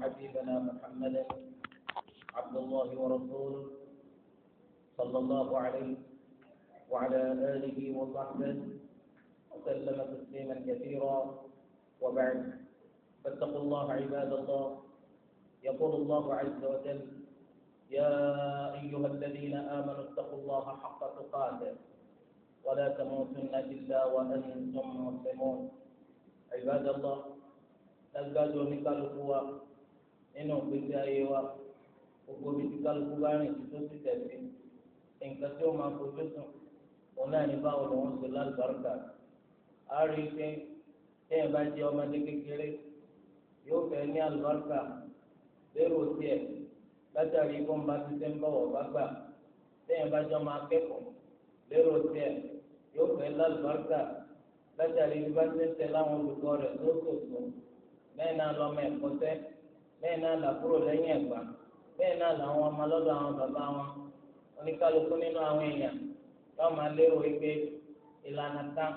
حبيبنا محمدا عبد الله ورسوله صلى الله عليه وعلى آله وصحبه وسلم تسليما كثيرا وبعد فاتقوا الله عباد الله يقول الله عز وجل يا أيها الذين آمنوا اتقوا الله حق تقاته ولا تموتن إلا وأنتم مسلمون عباد الله ẹgbẹ́jọ ونقال wa nínú ìgbésí ayé wa gbogbo ibi tí kálukú bá rìn tó sì tẹ̀sí nǹkan tí ó máa fojú sùn òun náà ní báwo ni wọ́n ṣe lálùbáríkà á rí i pé téèyàn bá jẹ ọmọdé kékeré yóò fẹ́ ní àlùbáríkà lérò tiẹ̀ látàrí bọ́ǹba títí ń bọ̀wọ̀ bá gbà téèyàn bá jọ máa kẹ́kọ̀ọ́ lérò tiẹ̀ yóò fẹ́ lálùbáríkà látàrí bí bá ti ń tẹ láwọn olùkọ́ rẹ̀ lóṣooṣù bẹ́ẹ̀ lọ́mọ ẹ̀kọ́ tẹ́ bẹ́ẹ̀ náà làbúrò lẹ́yìn ẹ̀gbá bẹ́ẹ̀ náà làwọn ọmọ lọ́dọ̀ àwọn bàbá wọn oníkálukú nínú àwọn èèyàn táwọn máa lérò wípé ìlànà kan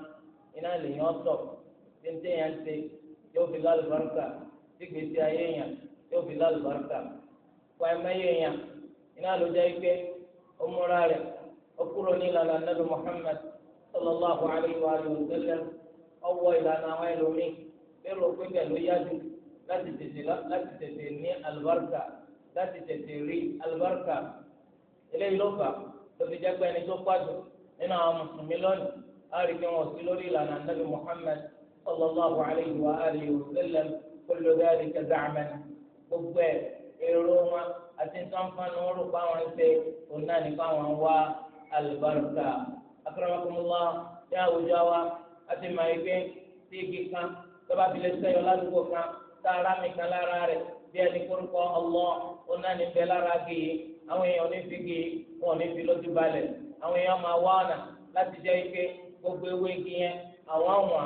iná lèyàn ọ̀tọ̀ ihe ń tẹ̀yàn ń ṣe yóò fi lálùbáríkà tí gbèsè ayé èèyàn yóò fi lálùbáríkà mẹ́yẹ iná ló jẹ́ wípé ó múra rẹ̀ ó kúrò ní ìlànà Muhammad sallallahu alayhi wa sallam ọwọ́ ìlànà àwọn ẹlòmíì bẹ́ẹ̀ ló láti tètè láti tètè ní alùbáríkà láti tètè rí alùbáríkà eléyìí ló fà tó fi jẹ́ pé ẹni tó pàdé nínú àwọn mùsùlùmí lónìí á rí kí wọ́n sí lórí ìlànà nàbì Muhammad sallallahu alayhi wa alihi wa sallam kullu dhalika za'man gbogbo ẹ̀ èrò wọn àti sànfàní wọn rò páwọn ń òun náà ní páwọn wá alùbáríkà akramakumullah ní àwùjọ wa àti màá gbé sí igi kan tó bá fi lè sẹ́yọ ládùúgbò kan. tààrà nìkan lára rẹ̀ bí ẹni kórúkọ ọlọ́ onáni bẹ lára gé e àwọn èèyàn ní fi gé wọn ò ní fi lójú àwọn èèyàn máa wá ọ̀nà láti jẹ́ ike gbogbo ewé igi yẹn àwọn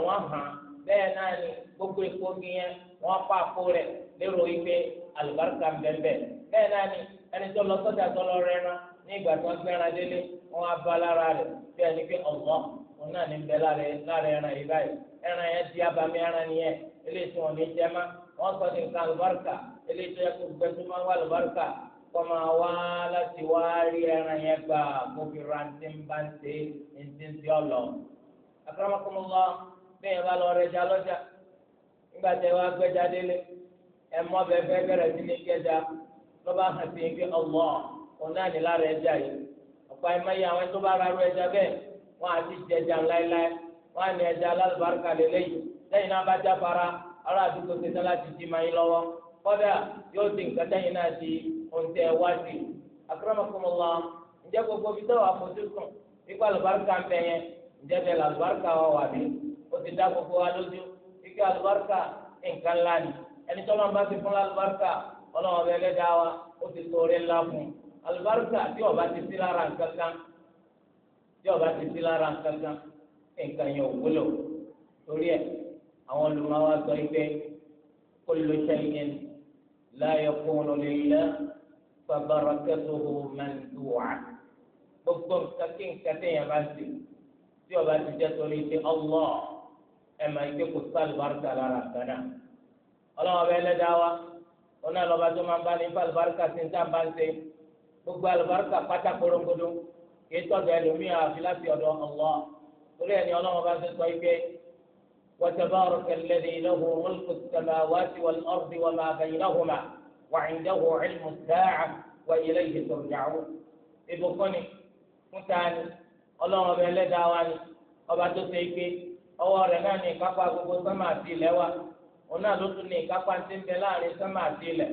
àwọn hàn bẹ́ẹ̀ náà ni gbogbo igi yẹn wọ́n pa àpò rẹ̀ lérò ike bẹ́ẹ̀ bẹ́ẹ̀ náà ni ẹni tó lọ sọ́jà tó lọ ní ìgbà gbẹ́ran délé wọ́n á bá lára rẹ̀ bí ẹni pé òun náà ní lára eléyìí tí wọn ní jẹma wọn sọ ní nǹkan àlùbáríkà eléyìí tó yẹ kó gbẹdú máa wà àlùbáríkà kọ́ máa wá láti wá rí ẹran yẹn gbà kó fi ra ní bá ń ṣe ní ti ọlọ. akramakumullah bẹ́ẹ̀ bá lọ rẹ̀ já lọ́jà nígbà tẹ wá gbẹ́jà délé ẹ mọ́ bẹ́ẹ̀ fẹ́ bẹ̀rẹ̀ sí ní kẹjà ló bá hàn sí pé ọlọ́ òun náà ní lára ẹja yìí ọ̀pọ̀ ẹ̀ máa àwọn tó bá ra ẹja bẹ́ẹ̀ wọ́n á ti jẹjà láéláé wọ́n á ní ẹja alálùbáríkà lélẹ́yìí lẹ́yìn náà bá jáfara ará àdúgbò ṣe tán láti di máa yín lọ́wọ́ kọ́dà yóò di nǹkan tẹ́yìn náà di ohun tẹ́ ẹ ǹjẹ́ gbogbo fi tẹ́wọ̀ àfojúsùn nípa àlùbáríkà ń bẹ yẹn ǹjẹ́ bẹ́ẹ̀ làlùbáríkà wà wà bí ti dá gbogbo wa lójú ike àlùbáríkà nǹkan ńlá bá ti fún wa ti ńlá fún tí ti sí lára tí ti sí àwọn olùmọ̀wá sọ pé kullu shay'in la yakunu lillah fa barakatuhu mandua gbogbo nǹkan kí nǹkan téèyàn bá ti tí ọba ti jẹ́ torí pé Allah ẹ̀ máa ń gbé kó sálùbáríkà lára gánà ọlọ́wọ́n bẹ́ẹ̀ lẹ́dàá wa ọ̀nà lọ́ba tó máa ń bá ní fún sí ní tá à ń bá ń ṣe gbogbo alùbáríkà pátá korongodo kì í tọ́jú ẹlòmíì àfi láti ọ̀dọ̀ ọ̀lọ́ وتبارك الذي له ملك السماوات والأرض وما بينهما وعنده علم الساعة وإليه ترجعون ibùkúnni mútaani ọlọ́run ọbẹ̀ ẹlẹ́dàá wa ni ọba tó ṣe ike ọwọ́ rẹ̀ náà ní ìkápá gbogbo sánmà ti ń bẹ láàrin sánmà àti ilẹ̀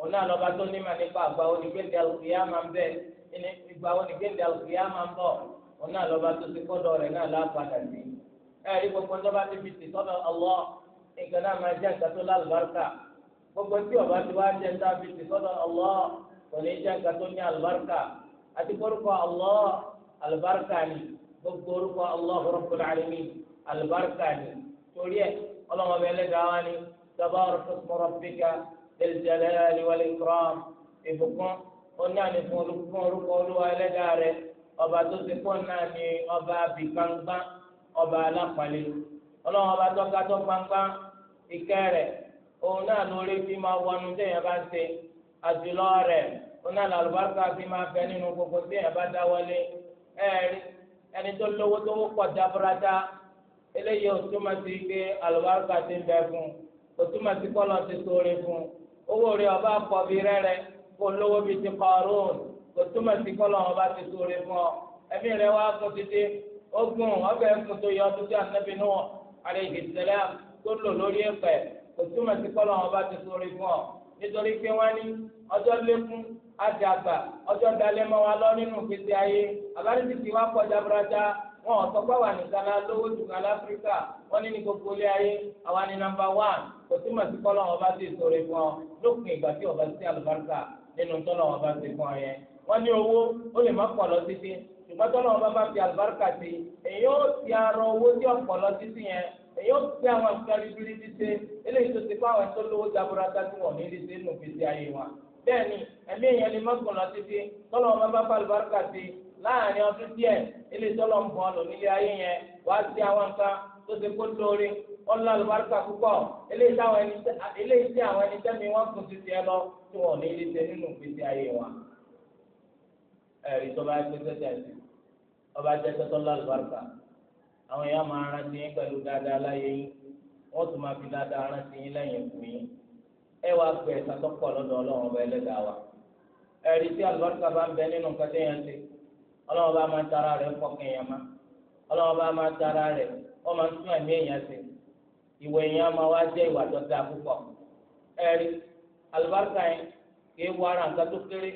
òun náà lọ́ba tó nímọ̀ nípa àgbà onígbèǹdé àlùkìyà máa ń bẹ ìgbà onígbèǹdé àlùkìyà máa ń bọ̀ òun náà lọ́ba tó ti kọ́dọ̀ rẹ̀ náà ẹ̀rí gbogbo ń dọ́ba níbi tì sọ́dọ̀ ọlọ́ nǹkan náà máa jẹ́ nǹkan tó lálùbáríkà gbogbo tí ọba ti wá jẹ́ nǹkan bí tì sọ́dọ̀ ọlọ́ kò ní jẹ́ nǹkan tó ní àlùbáríkà àti orúkọ ọlọ́ àlùbáríkà ni gbogbo orúkọ ọlọ́ Rabbul Alamin àlùbáríkà ni torí ẹ ọlọ́mọ bẹ lẹ́dàá wa ní àná fún orúkọ olúwa ọba alápàlẹ ọlọ́run ọba tọ́ka tó pánpán ìkẹ́ rẹ̀ òun náà lórí fi máa wọnú téèyàn bá ń ṣe àjùlọ rẹ̀ òun náà làlùbáríkà fi máa fẹ́ nínú gbogbo téèyàn bá dáwọ́lé ẹ̀ẹ́rì ẹni tó lówó tó wọ́pọ̀ dábúrádá eléyìí òtúmọ̀ sí pé àlùbáríkà ti ń bẹ fún òtúmọ̀ sí kọ́lọ̀ ti sóore fún owó rẹ̀ ọba pọ̀ bí rẹ́rẹ́ kó lówó bí ti kọ́ ọ̀rùn òtúmọ̀ sí kọ́lọ̀ ọba ti sóore fún ọ ẹ̀mí rẹ̀ wá fún títí ogun ọbẹ̀ ẹ̀kún tó yọ ọdún tí anabi nù alayhi salam tó lò lórí ẹ̀pẹ̀ kò túmọ̀ sí kọ́lọ̀ wọn bá ti sórí fún ọ nítorí pé wọ́n ní ọjọ́ lékún àti àgbà ọjọ́ dalẹ̀ mọ́ wa lọ nínú ìgbésí ayé àbáríṣi ti wá kọjá burata wọn ò sọ pé wà nìkan la lówó jù kan láfíríkà wọn ní ní gbogbo ilé ayé àwa ni nàmbà wán kò sí kọ́lọ̀ wọn bá ti sórí fún ọ lópin ìgbà tí ọba sí àlùbáríkà nínú tọ́lọ̀ wọn bá ti fún ọ yẹn wọ́n ní owó ó lè má pọ̀ lọ títí ṣùgbọ́n tọ́lọ́ wọn bá bá fi àlùbáríkà sí èyí ó ti arọ owó tí ọ̀pọ̀ lọ títí yẹn èyí ó gbé àwọn nǹkan ribiri títí eléyìí tó ti kó àwọn ẹ̀tọ́ lówó jaburata tí wọ́n ní rí sí nù fèsì ayé wa bẹ́ẹ̀ni ẹ̀mí èèyàn lè má gùn lọ títí tọ́lọ́ wọn bá bá àlùbáríkà sí láàrin ọdún díẹ̀ eléyìí tọ́lọ́ ń bọ̀ ọ̀nà nílé ayé yẹn wá sí àwọn nǹkan tó ti kó lórí ọlọ́ àlùbáríkà púpọ̀ eléyìí tí àwọn ẹni tẹ́mi wọ́n kù sí tiẹ̀ lọ tí wọ́n ní rí sí nínú fèsì ọba jẹ́ tọ́tọ́lá àlùbáríkà àwọn èèyàn máa rántí yín pẹ̀lú dáadáa láyé yín wọ́n tún máa fi dáadáa rántí yín lẹ́yìn ìkùn yín ẹ wá gbé ẹ̀sán tó pọ̀ ọba ẹlẹ́dàá wa ẹ̀rí tí àlùbáríkà bá ń bẹ nínú nǹkan máa tara rẹ̀ fọkàn èèyàn má ọlọ́run bá máa tara máa tún èèyàn èèyàn máa wá ìwà àlùbáríkà yẹn kì í wọ ara nǹkan tó kéré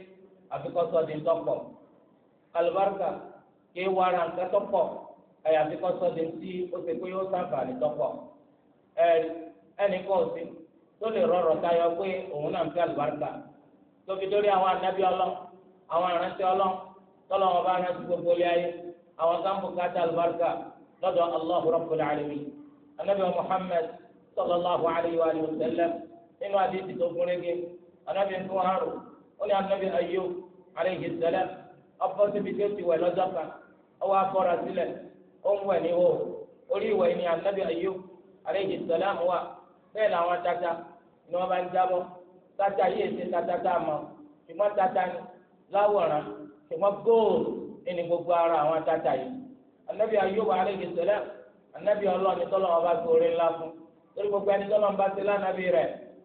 kí wọ́n ara nǹkan tó pọ̀ àyàfi kọ́ sọ́dẹ̀ tí ó ti pé yóò sábàánì tó pọ̀ ẹnì kan ò sí tó lè rọrọ̀ tayọ pé òun náà ń fi àlùbáríkà tó fi dórí àwọn anábì ọlọ́ àwọn ìrántí ọlọ́ tọ́lọ́ wọn bá rántí gbogbo ilé ayé àwọn sáǹpù àlùbáríkà lọ́dọ̀ Allahu sallallahu alayhi ọwọ akọra sílẹ̀ ó ń wẹ̀ orí ni anabi Ayub aleyhi salam wà bẹ́ẹ̀ làwọn tata ni wọ́n bá ń jábọ́ tata yìí èsì tata tá a mọ̀ ṣùgbọ́n tata ni láwòrán ṣùgbọ́n góòlù ẹni gbogbo ara àwọn tata yìí anabi Ayub aleyhi salam anabi ọlọ́ọ̀ni tọ́lọ́ wọn bá ńlá fún torí gbogbo ẹni ń bá ti lánàbí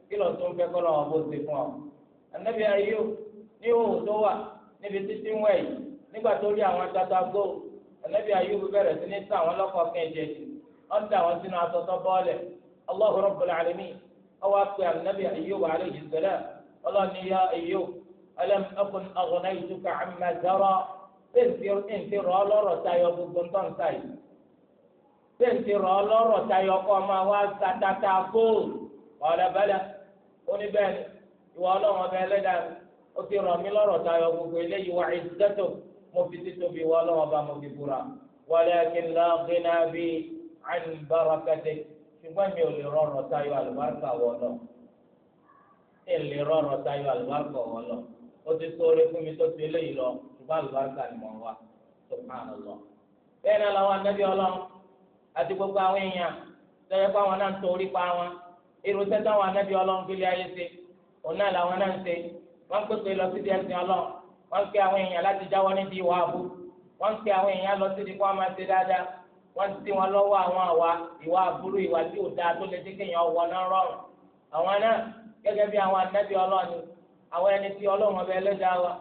kí tó ń ti fún ọ. anabi tó wà níbi títí Ànábì Ayúbù bẹ̀rẹ̀ sí ní sá àwọn lọ́kọ̀ kẹjẹ wọ́n dà wọ́n sínú asọ́tọ́ bọ́ọ̀lẹ̀ Allahu Rabbul Alamin ọwọ́ pé Ànábì Ayúbù alayhi salam ọlọ́ni yá Ayúbù alam akun aghnaytuka amma zara bẹ́ẹ̀ ti rọ ọlọ́rọ̀ tayọ gbogbo ntọ́ nta yìí bẹ́ẹ̀ ti rọ ọlọ́rọ̀ tayọ kọ́ ọmọ wa sátátá góòlù ọ̀lẹ́bẹ̀lẹ̀ oníbẹ̀ẹ́ni ìwọ ọlọ́run ọbẹ̀ ẹlẹ́dàá ó ti rọ mí lọ́rọ̀ tayọ gbogbo mo fi títóbi wọ ọlọ́wọ́ bá mo fi búra walakin la ghina bi an barakatik ṣùgbọ́n mi ò lè rọrùn tayọ àlùbáríkà wọ lọ ẹ lè rọrùn tayọ àlùbáríkà wọ lọ ó ti sóore fún mi tó ti eléyìí lọ ṣùgbọ́n àlùbáríkà ni mo wà subhanallah bẹ́ẹ̀ náà làwọn anábì ọlọ́run àti gbogbo àwọn èèyàn lọ́yẹ́ pé àwọn náà ń torí pa wọn irú sẹ́tọ́ àwọn anábì ọlọ́run gbélé ayé ṣe òun náà náà ń ṣe wọ́n pèsè lọ sí díẹ̀ wọ́n ń pe àwọn èèyàn láti jáwọ́ níbi ìwà àbú wọ́n ń pe àwọn èèyàn lọ sí ibi kí wọ́n máa ṣe dáadáa wọ́n ti wọn lọ́wọ́ àwọn àwa ìwà àbúrú ìwà tí ò dáa tó lè náà rọrùn àwọn náà gẹ́gẹ́ bí àwọn anábì ọlọ́ọ̀ni àwọn ẹni tí ẹlẹ́dàá wa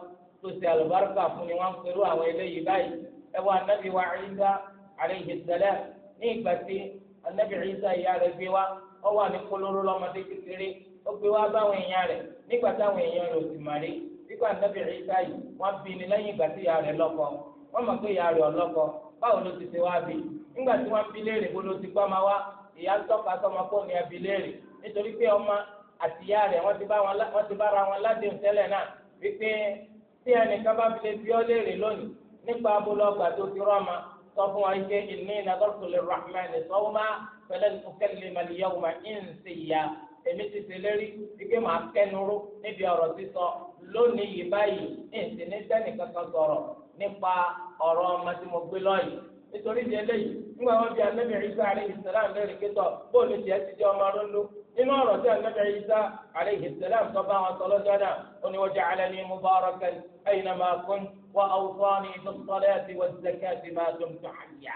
ni wọ́n àwọn wa nígbà nàbì ìsá yìí wọ́n bí ni lẹ́yìn ìgbà tí ìyá rẹ̀ lọ́kọ wọ́n mọ̀ pé ìyá rẹ̀ ọlọ́kọ báwo ló ti ṣe wá bí nígbà tí wọ́n bí léèrè bó ló ti gbọ́ máa wá ìyá ń tọ́ka sọmọ kó ní ẹbí léèrè nítorí pé ọmọ àti ìyá rẹ̀ wọ́n ti bára wọn ládéhùn tẹ́lẹ̀ náà wípé tí ẹnìkan bá fi lè bí ọ léèrè lónìí nípa abúlé tó ti rọ́ọ̀mà sọ fún wa ike ìní ìnagbọ́sọ̀lẹ̀ rahman sọ́wọ́mà èmi ti ṣèlérí ike màá kẹnuró níbi ọ̀rọ̀ sísọ lónìí yìí báyìí ìsìn ní sẹ́nì kankan sọ̀rọ̀ nípa ọ̀rọ̀ ọmọ tí mo gbé lọ́yìí nítorí ìdí eléyìí nígbà wọn bí anabi isa aleyhi salam lórí kíkọ bóòlù tiẹ̀ ti di ọmọ rúndú nínú ọ̀rọ̀ tí anabi isa aleyhi salam sọ bá wọn sọlọ dáadáa ó ní wọ́n ja'alani mubarakan aynama kun wa awsani bis-salati waz-zakati ma dumtu hayya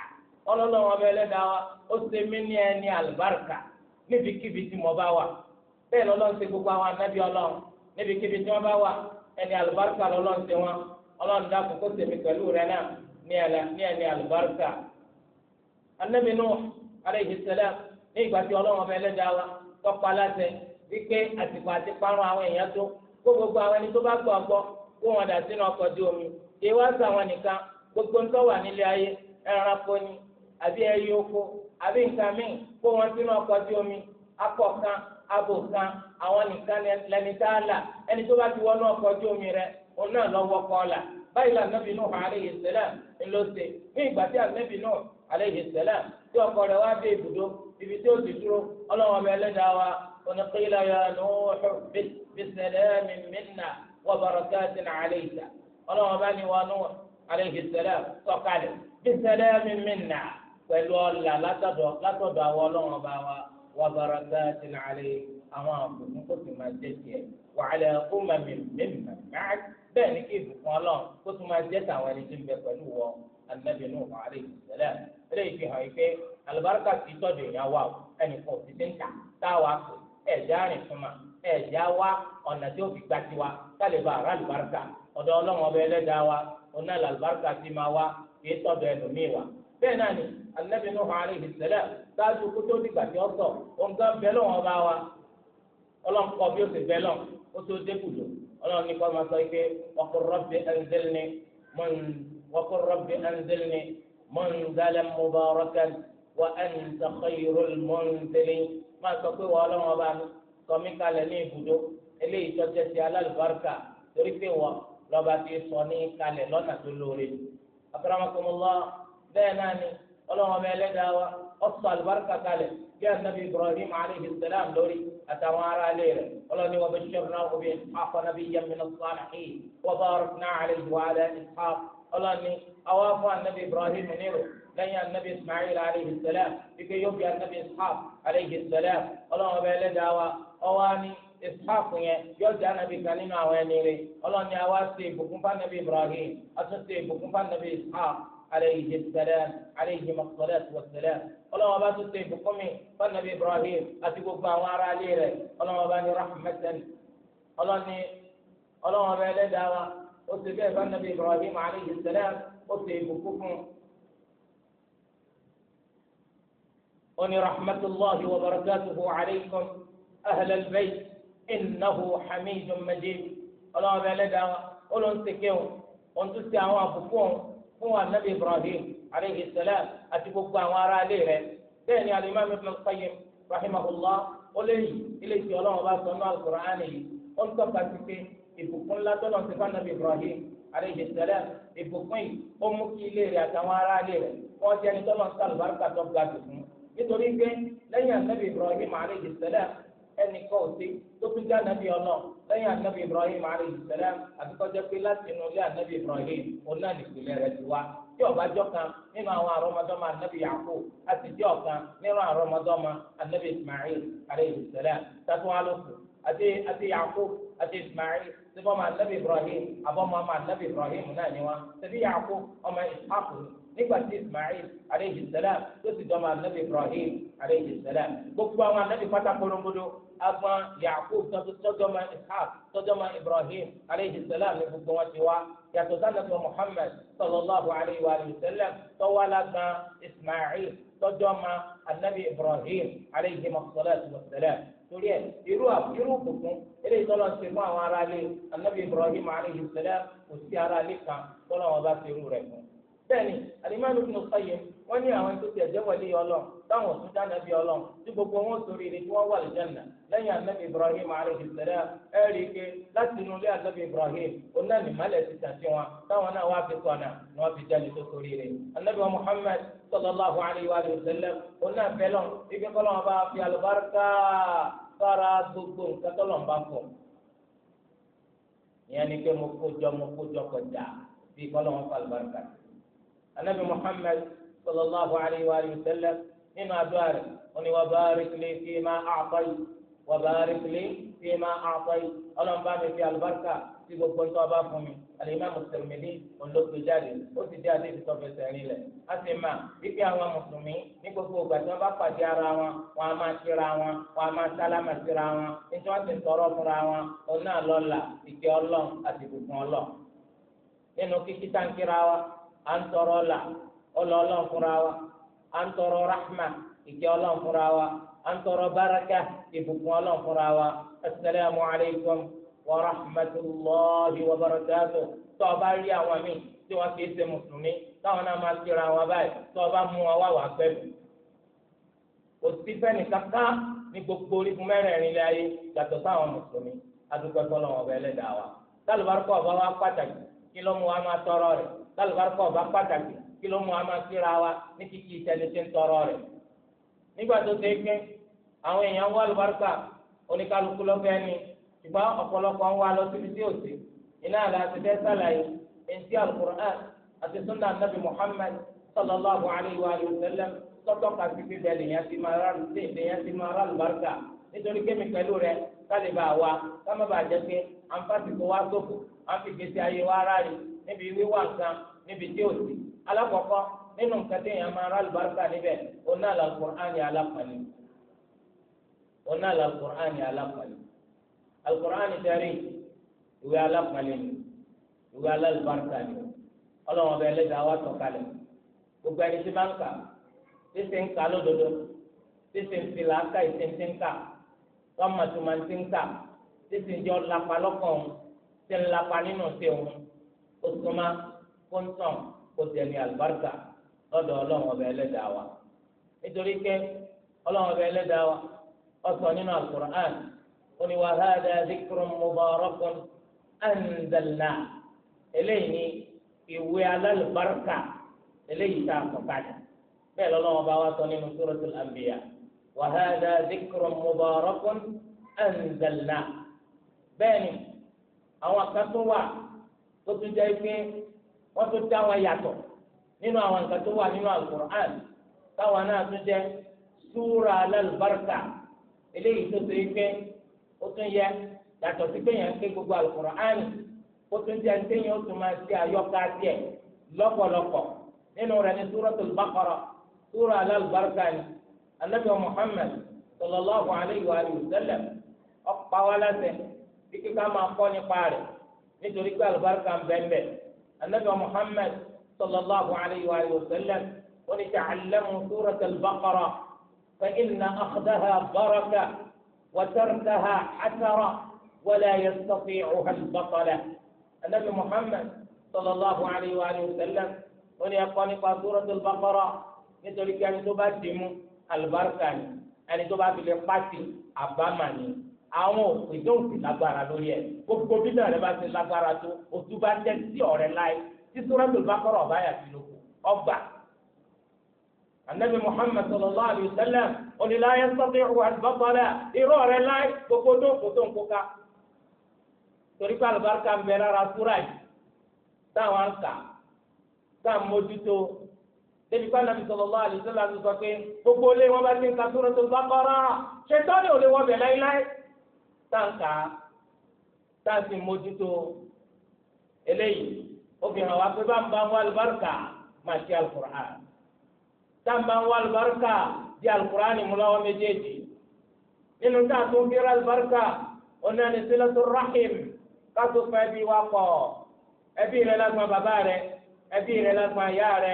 ọlọ́lọ́wọ́n bẹ́ẹ̀ lẹ́dàá wa ó ṣe mí ní ẹni àlùbáríkà níbikíbi tí mo bá wà bẹ́ẹ̀ lọ́lọ́run ṣe gbogbo àwọn anábì ọlọ́run níbikíbi tí wọ́n bá wà ẹni àlùbáríkà lọ́lọ́run ṣe wọn ọlọ́run dákun kó tèmi pẹ̀lú rẹ náà ní ẹni àlùbáríkà. anábì Nuh alayhi salam ní ìgbà tí ọlọ́run ọba ẹlẹ́dàá wa tọ́pa láṣẹ wípé àsìkò àti parun àwọn èèyàn tó kó gbogbo àwọn ẹni tó bá gbọ́ ọgbọ́ kó wọn dà sínú ọkọ̀ ojú omi ìwáṣà wọn nìkan gbogbo ń tọ́wà nílé ayé ẹranko ni àbí ẹyẹ oko àbí nǹkan míì kó wọn sínú ọkọ̀ tí omi akọ̀ kan abo kan àwọn nìkan lẹni tá a là ẹni tó bá ti wọnú ọkọ̀ tí omi rẹ òun náà lọ wọkọ̀ ọ̀la báyìí la nàbì Nuh alayhi salam ńlọ sí ní ìgbà tí ànábì Nuh alayhi salam tí ọkọ̀ rẹ̀ wá dé ibùdó ibi tí ó ti dúró ọlọ́wọ́n ọmọ ẹlẹ́dàá wa oníkìlá ya Nuh bisalamin minna wa barakatin alayka ọlọ́wọ́n bá ní wa Nuh alayhi sọ̀kalẹ̀ bisalamin minna pẹ̀lú ọ̀là látọ̀dọ̀ àwọn ọlọ́run ọba wa wà bàrà dáàtì làálẹ̀ àwọn àbùkù kò sì máa jẹ́ tiẹ̀ wàhálà ó máa mì mímà máa bẹ́ẹ̀ ni kí ìbùkún ọlọ́run kó tún máa jẹ́ tàwọn ẹni tí ń bẹ pẹ̀lú wọ anabi nù wàhálà ìṣẹ̀lẹ̀ eléyìí fi hàn yí pé alùbáríkà ti tọ́jú ìyá wa ẹnì kan ti ti ń tà táwa kù ẹ̀já rìn fún ẹ̀já wa ọ̀nà tí ó fi gba tiwa kálíba àrà alùbáríkà ọ̀dọ̀ ọlọ́run ọba ẹlẹ́dàá wa ọ̀nà anabi nuhu alayhi salam ṣáájú kótó dìgbà tí ó sọ òǹkà bẹlẹ wọn bá wa ọlọ́nkọ bí ó sì bẹlẹ ó tó débùdó ọlọ́run ní kó máa sọ pé waqur rabbi anzilni man waqur rabbi anzilni munzalan mubarakan wa anta khayrul munzilin máa sọ pé wọ́n ọlọ́run ọba mi kọ́ mi kalẹ̀ ní ibùdó eléyìí tó jẹ́ ti alálùbáríkà torí pé wọ́n lọ́ba ti sọ ní kalẹ̀ lọ́nà tó lóore. akramakumullah bẹ́ẹ̀ náà ni ọlọ́run ọba ẹlẹ́dàá wa ọ̀sọ̀ àlùbáríkà kalẹ̀ bí anabi ibrahim alayhi salam lórí àtàwọn ará ilé rẹ̀ ọlọ́run ni wọ́n bẹ ṣiṣẹ́ fún àwọn obìnrin akọ nàbí yamin salihin wọ́n bá ọ̀rọ̀ fún alayhi wa alayhi ishaq ọlọ́run ni àwọn afọ anabi ibrahim nírò lẹ́yìn anabi ismail alayhi salam ike yóò fi anabi ishaq alayhi salam ọlọ́run ọba ẹlẹ́dàá wa ọwọ́ ni ìsáàfù yẹn yóò di anabi kan nínú àwọn ẹni rẹ̀ ọlọ́run ni àwa ṣe ìbùkún fún anabi ibrahim àtúnṣe ìbùkún fún anabi ishaq عليه السلام عليهما الصلاة والسلام قالوا ما بان تطيب قمي فالنبي إبراهيم أتقوك بان وارا ليري قالوا ما بان رحمة قالوا ما بان لدعوة أتقوك فالنبي إبراهيم عليه السلام أتقوك قمي أني رحمة الله وبركاته عليكم أهل البيت إنه حميد مجيد قالوا ما بان لدعوة قالوا أنت كيو أنت تستعوى بكوه fún anabi ibrahim aleyhi salam àti gbogbo àwọn ará ilé rẹ̀ bẹ́ẹ̀ ni alimam ibn qayyim rahimahullah ó léyìn ilé tí ọlọ́run bá sọ ní alukur'an yìí ó ń tọ́ka sí pé ìbùkún ńlá tọ́nà sí fún anabi ibrahim aleyhi salam ìbùkún yìí ó mú kí ilé rẹ̀ àtàwọn ará ilé rẹ̀ wọ́n jẹ́ ní tọ́nà sí alùbáríkà tó ga jù fún nítorí pé lẹ́yìn anabi ibrahim aleyhi salam ẹnì kan ò tó tún jẹ́ anabi ọlọ́run lẹ́yìn anabi ibrahim alayhi salam àtikọjẹ pé láti inú ilé anabi ibrahim ọ̀nà nìpínlẹ̀ rẹ̀ ti wá tí ọba jọ kan nínú àwọn àrọmọdọ́mọ anabi yaako àti jọ kan nínú àrọmọdọ́mọ anabi ismail alayhi salam tatu aloko àti àti yaako àti ismail síbí ọmọ anabi ibrahim abọ́mọ ọmọ anabi ibrahim náà ni wọn síbí yaako ọmọ ishaaku nígbà tí ismail alayhi salam tó ti dọ́mọ anabi ibrahim alayhi salam gbogbo àwọn anabi pátákó lóńgbòdo agbọn yaakub tọjọmọ ishaq tọjọmọ ibrahim aleyhi salam ní gbogbo wọn ti wá yàtọ̀ sanabu muhammad sallallahu alayhi wa sallam tọwalagbọn ismail tọjọmọ anabi ibrahim aleyhi masalatu wa salam torí ẹ irú irú bùkún eléyìí tọ́lọ̀ ṣe fún àwọn aráalé anabi ibrahim aleyhi salam kò sí aráalé kan tọ́lọ̀ wọn bá ṣe irú rẹ̀ fún bẹ́ẹ̀ni alimami Ibn Qayyim wọn ní àwọn tó ti ẹjẹ wọlé Ọlọ́run táwọn òsùn dáná bí Ọlọ́run tí gbogbo wọn sórí ni tí wọn wà lìjẹnà lẹ́yìn anabi ibrahim alayhi salam ẹ rí i pé láti inú ilé anabi ibrahim oná ní malẹ ti tàn sí wọn táwọn náà wá fi kọnà ni wọn fi jáde tó sórí rẹ anabi wa muhammad sallallahu alayhi wa sallam oná bẹlọ ibi kọlọ wọn bá fi alubarika fara gbogbo nǹkan bá fọ ìyẹn ni pé mo kó jọ mo kó jọ kọjá bí kọlọ wọn fa alubarika sí anabi muhammed sallallahu alayhi wa sallam nínú àdúrà rẹ̀ wọ́n ní wa barik li fi ma a'tayt wa barik li fi ma a'tayt ọlọ́run bá mi fi àlùbáríkà tí gbogbo ń tọ́ ọba fún mi alimami Tirmidhi olóògbé jáde ó ti dé adé ìfisọ́ fẹsẹ̀ rin lẹ̀ a sì máa wípé àwọn mùsùlùmí ní gbogbo ìgbà tí wọ́n bá pàdé ara wọn wọn a máa síra wọn wọn a máa sálámà síra wọn ní tí wọ́n ti tọrọ fúnra wọn òun náà lọ́la ìkẹ́ ọlọ́run àti ìbùkún ọlọ́run nínú kíkí táǹkìra wa à ń tọrọ ọlà ọlọ Ọlọ́run fúnra wa à ń tọrọ rahma ìkẹ́ Ọlọ́run fúnra wa à ń tọrọ baraka ìbùkún Ọlọ́run fúnra wa asalaamu alaykum wa rahmatulahi wa barakatu tó o bá rí àwọn míì tí wọn kì í ṣe mùsùlùmí táwọn náà máa kíra wọn báyìí tó o bá mú wọn wá wàá pẹ́ bù kò sí ní gbogbo orígun mẹ́rẹ̀ẹ̀rin ilé ayé yàtọ̀ sáwọn mùsùlùmí adúgbò ẹ̀fọ́ lọ́wọ́ ọ̀bẹ ẹlẹ́dàá wa tálùbárúkọ ọ̀bọ wa pàtàkì kí ló wa máa tọrọ rẹ̀ lálùbáríkà ọba pàtàkì kí ló mú a máa síra wa ní kíkí ìtẹni tí ń tọrọ rẹ̀ nígbà tó ṣe pé àwọn èèyàn ń wá lùbáríkà oníkálukú lọ́fẹ́ ni ṣùgbọ́n ọ̀pọ̀lọpọ̀ ń wá lọ síbi tí ò sí iná àlàáfíà fẹ́ sàlàyé ẹ̀ǹtí alukur'an àti sunna anabi muhammad sallallahu alayhi wa sallam tọ́tọ́ ka fi fi bẹ́ẹ̀ lèyàn ti máa rárú lèyàn ti máa rárú barika nítorí kémi pẹ̀lú rẹ kálíbà wa kámẹ́bà jẹ́ pé àǹfààní kò wá sófò àǹfìgbèsè ayé wa rárẹ̀ níbi wíwá nǹkan níbi tí ò sí alákọ̀ọ́kọ́ nínú nǹkan tí èèyàn máa rà lùbáríkà níbẹ̀ oná al-Qur'ani alápàlẹ́ oná al-Qur'ani alápàlẹ́ al-Qur'ani tẹ̀rí ìwé alápàlẹ́ ni ìwé alálùbáríkà ni ọlọ́wọ́n bẹ lẹ́dàá wà tọ̀kalẹ̀ gbogbo ẹni tí máa ń kà títí ń kà lódodo títí ń filà ká ìtí ń kà tọ́mọ̀tì ti ń kà títí ń jọ lápá lọ́kàn ti ń lápá nínú ti òun ó súnmọ́ kóńtàn kó tiẹ̀ ní àlùbáríkà lọ́dọ̀ ọlọ́run ọba ẹlẹ́dàá wa nítorí pé ọlọ́run ọba ẹlẹ́dàá wa ó sọ nínú alukur'an ó ní wa hada dhikrun mubarakun anzalna eléyìí ni ìwé alálùbáríkà eléyìí tá a kọ káàdà bẹ́ẹ̀ lọ́lọ́run ọba wa sọ nínú suratul anbiya wa hada mubarakun anzalna bẹ́ẹ̀ ni àwọn kan tó tó tún jẹ́ pé wọ́n tún dá wọn yàtọ̀ nínú àwọn nǹkan tó wà nínú alukur'an táwọn náà tún jẹ́ súra alálùbáríkà eléyìí tó ṣe pé ó tún yẹ yàtọ̀ sí pé yẹn ń ké gbogbo alukur'an ó tún jẹ́ téèyàn ó tún máa ṣe àyọkà tiẹ̀ lọ́pọ̀lọpọ̀ nínú rẹ̀ ní súratul baqara súra alálùbáríkà ni anabi muhammed sallallahu alayhi wa sallam ọ̀pá wa láṣẹ kíkí ká máa kọ́ nípa rẹ̀ nítorí pé àlùbáríkà ń bẹ́ẹ̀ anabi muhammed sallallahu alayhi wa sallam wọ́n ti tàcálẹ́mu surat al-baqara فإن أخذها بركة وتركها حسرة ولا يستطيعها البطلة النبي محمد صلى الله عليه وآله وسلم ولي أقانق سورة البقرة nítorí kí ẹni tó bá ti mú àlùbáríkà ni ẹni tó bá fi lè pàṣẹ àbámà ni àwọn òpin tó ń fi lágbára lórí ẹ̀ gbogbo bí náà rẹ bá ti lágbára tó òtún bá tẹ́ sí ọ̀rẹ́ láì tí sọ́rọ́tò bá kọ́rọ̀ ọ̀bá yà sí lóko ọgbà. anabi muhammad sallallahu alayhi wa sallam oníláyà sọ́kè ìwà àlùbọ́kọ́lá irọ́ ọ̀rẹ́ láì gbogbo tó ń kó tó ń kó ká. torí pé àlùbáríkà ń bẹ lára súrà yìí táwọn ń táwọn mójútó débi pé anabi sallallahu alayhi wa sallam sọ pé gbogbo ilé wọn bá ti ń ka sọ́rọ́tò bá kọ́rọ́ ṣètọ́ ni ò táǹkà táǹsì mójútó eléyìí obìnrin wa pé bá ń bá wà lùbáríkà máa ṣe alukur'an táǹbà ń wà lùbáríkà di alukur'an mú lọ́wọ́ méjèèjì nínú táǹtò ń bíra lùbáríkà ọ̀nà sílẹ̀tò rahim kátó fún ẹbí wa pọ̀ ẹbí rẹ lágbọn bàbá rẹ ẹbí rẹ lágbọn ìyá rẹ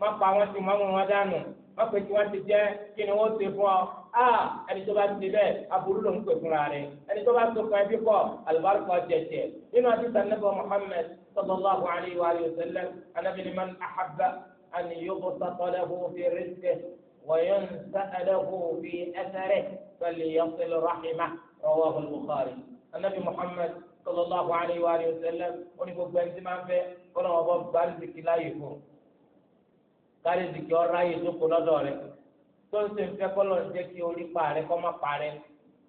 má pa wọn sí mọ́mú wọn dànù wọ́n pè tí wọ́n ti jẹ́ kí ni wọ́n ṣe fún ọ a ẹni tó bá ti bẹ́ẹ̀ aburú ló ń pè fúnra rẹ̀ ẹni tó bá tó kan ẹbí pọ̀ alùbáríkọ jẹjẹ nínú àti sànẹ́bọ̀ Muhammad sallallahu alayhi wa sallam anabi ni man ahabba an yubsata lahu fi rizqihi wa yunsa'a lahu fi atharihi falyasil rahimahu rawahu al-Bukhari anabi Muhammad sallallahu alayhi wa sallam ó ní gbogbo ẹni tí máa ń fẹ́ kọ́ kárí zikì ọ̀rá yìí tó kó lọ́dọ̀ rẹ tó ń ṣe ń fẹ́ kọ́lọ̀ ń jẹ́ kí orí pa rẹ kọ́ má pa rẹ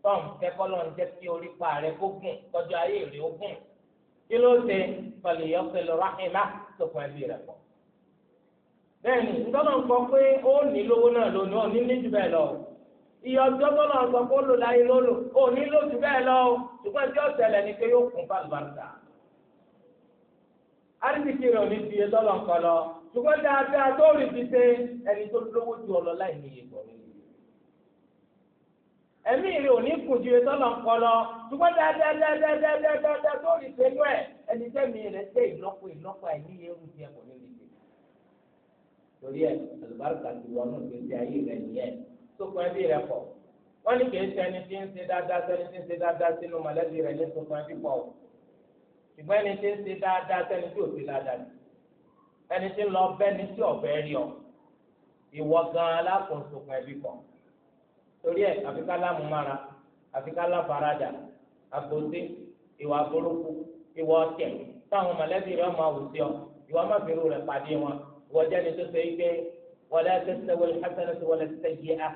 tó ń fẹ́ kọ́lọ̀ ń jẹ́ kí orí pa rẹ kó gùn tọ́jú ayé rẹ ó gùn kí ló ṣe pẹ̀lú yọ̀pẹ̀lú ráhìnmá tó fún ẹbí rẹ pọ̀. bẹ́ẹ̀ni ntọ́nà ń gbọ́ pé ó ní lówó náà lónìí ó ní ní jù bẹ́ẹ̀ lọ iye ọjọ́ tọ́nà ń gbọ́ pé ó lò láyé lólo ó ní ṣùgbọ́n dáadáa tó rí fi ṣe ẹni tó lówó ju ọlọ láì níye pọ̀ ẹ̀mí rẹ̀ ò ní kùn ju etí ọlọ́nkọ lọ ṣùgbọ́n dáadáa dáadáa tó rí ṣe lú ẹ̀ ẹni tẹ́mi rẹ̀ ṣe ìlọ́pọ̀ ìlọ́pọ̀ àìníye ń fi ẹ̀kọ́ nínú ìṣe torí ẹ̀ àlùbáríkà ti wọnú ìgbésí ayé rẹ̀ nìyẹn tó kọ ẹbí rẹ̀ pọ̀ wọ́n ní kìí ṣe ẹni tí ń ṣe dáadáa sẹ́ni tí ń ṣe dáadáa sínú mọ̀lẹ́bí rẹ̀ ní tuntun ẹbí pọ̀ ṣùgbọ́n ẹni tí ń ṣe dáadáa sẹ́ni tí ò ṣe dáadáa ẹni tí ń lọ bẹ́ ni tí ọ̀bẹ rí ọ ìwọ gan alákòóso ẹbí kan torí ẹ àfikà lámúmára àfikà láfaradà àgbòdì ìwà burúkú ìwà ọ̀tẹ̀ táwọn mọ̀lẹ́bí rẹ máa wù sí ọ ìwà má fi irú rẹ pàdé wọn ìwọ jẹni tó ṣe ike wala tastawi alhasanatu wala sayyi'ah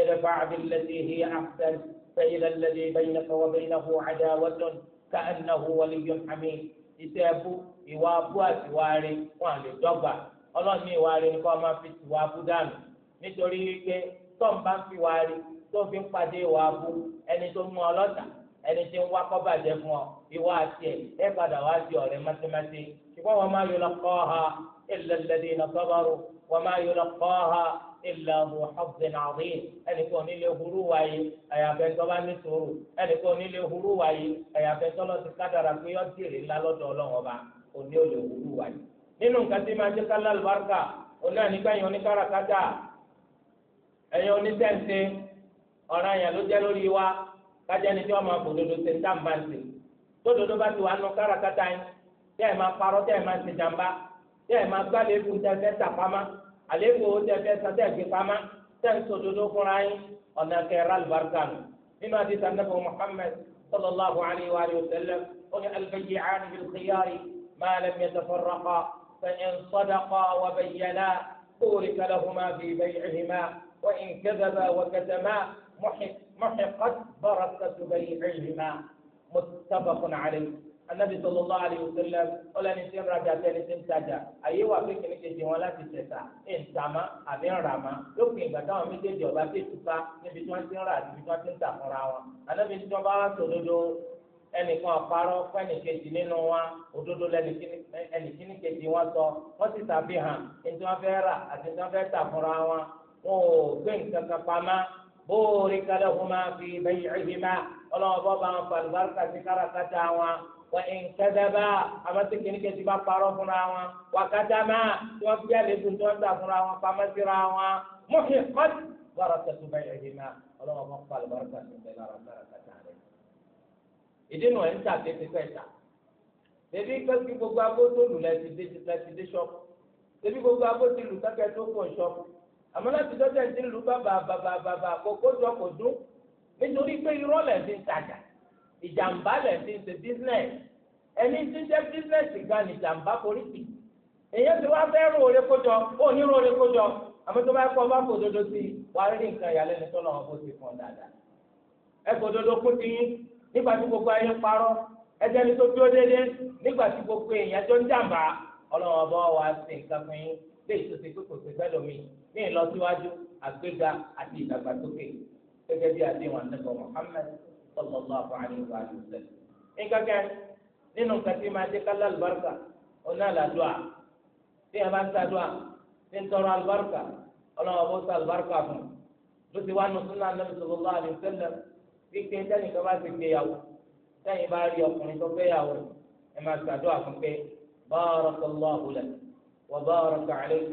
idfa' billati hiya ahsan fa idha alladhi baynaka wa baynahu adawatun ka'annahu waliyyun hamim iṣẹ́ ẹbú ìwà abú àti ìwà rí wọn à lè dọ́gba ọlọ́ọ̀ni ìwà rí ni kọ́ máa fi ìwà abú dànù nítorí wípé tọ́m bá fi ìwà rí tó fi ń pàdé ìwà abú ẹni tó mú ọlọ́tà ẹni tí ń wá kọ́ fún ọ ìwà àti ẹ̀ ẹ padà wá di ọ̀rẹ́ mọ́tímọ́tí ṣùgbọ́n wọn máa yọ lọ kọ́ ha ẹ̀ lẹ́lẹ́dẹ́ ìnà ilà muhammed azeem ẹnì kan nílé hurú wáyé àyàfẹ́ tọ́ba ní sòrò ẹnì kan nílé hurú wáyé àyàfẹ́ tọ́lọ́ ti kádàrà pé yọ jèrè ńlá lọ́dọ̀ ọlọ́run ọba òní ò lè hurú wáyé. nínú nǹkan tí máa jẹ́ kálá àlùbáríkà òní àníkàyàn oníkàràkátà ẹ̀yàn oníṣẹ́ǹṣe ọ̀ràn àyàn ló jẹ́ lórí wa kájẹ́ni tí wọ́n máa bòdodo ṣe dáǹbà ṣe tódodo bá ti wà àléébù owó tẹ fẹ́ san tẹ fi pamá tẹ ń sọ dodo fúnra yín ọ̀nà kẹrẹ alibarika nù nínú àti sànàbọ̀ muhammed sallallahu alayhi wa sallam ó ní alibayi caani bil khiyari maa lam yatafarraqa fa in sadaqa wa bayyana burika lahuma fi baycihima wa in kadaba wa katama muxiqat barakatu baycihima muttafaqun calayhi. anabi sọlọlọ aliyu sẹlẹm ọlọni tí ń rajà tẹni tí ń tajà àyè wà pé kìnìkì di wọn láti tẹsà ẹ ń tàmá àbí ń ràmá lópin ìgbà táwọn méjèèjì ọba ti tuka níbi tí wọn ti ń rà àti ibi tí wọn ti ń tà fúnra wọn anabi tí wọn bá wà sòdodo ẹnìkan àparọ fẹnìkejì nínú wa òdodo lẹnìkíní kejì wọn sọ wọn ti tàbí hàn ẹni wọn fẹ́ rà àti tí wọn fẹ́ tà fúnra wọn wọn gbé nǹkan pamá bóòrí kálẹ̀ fún wọ́n ń kẹ́dẹ́bà àmọ́tí kìnnìkẹ́ ti bá parọ́ fúnra wọn wà kátàmá tí wọ́n fi àlejò tí wọ́n gbà fúnra wọn pamọ́ síra wọn mọ́kì kọ́t bọ́rọ̀ tẹ̀sùn bá yẹ̀ dìímà ọlọ́wọ́ mọ́ pàlọ́ bọ́rọ̀ tẹ̀sùn bẹ́ẹ̀ lára bọ́rọ̀ kàtà rẹ̀. ìdí nu ẹ̀ ń tà tètè fẹ́ tà tèmi pẹ́kí gbogbo abó tó lù láti dé ṣọ́ọ̀pù tèmi gbogbo abó kẹ́kẹ́ tó pọ̀ ṣọ́ọ̀pù ìjàmbá lẹ̀ fi ń ṣe business ẹni tí ń ṣe business gan ni ìjàmbá forí sí èyí ti wá fẹ́ rò oore kójọ ó ní rò oore kójọ àmọ́ tó bá kọ́ bá dodo sí rí nǹkan ti fún ọ dáadáa ẹ dodo kú ti yín nígbà tí gbogbo ayé parọ́ ẹjẹ́ ni tó dúró nígbà tí gbogbo èèyàn tó ń jàmbá ọlọ́wọ́n bá wà sí nǹkan fún yín lè tó ti sí fẹ́ lómi ní ìlọsíwájú sallallahu alaihi wa sallam. ní kankan nínú kàtí máa dé kálá alùbáríkà ọ̀nà àlàdùà tí a bá ń sàdùà tí ń tọrọ alùbáríkà ọlọ́wọ́ bó sa alùbáríkà fún ló ti wá nùsùnà nàbì sallallahu alaihi wa sallam wípé tẹ́nìkan bá ti gbéyàwó tẹ́yìn bá rí ọkùnrin tó gbéyàwó ẹ máa sàdùà fún pé barakallahu lak wa baraka alayk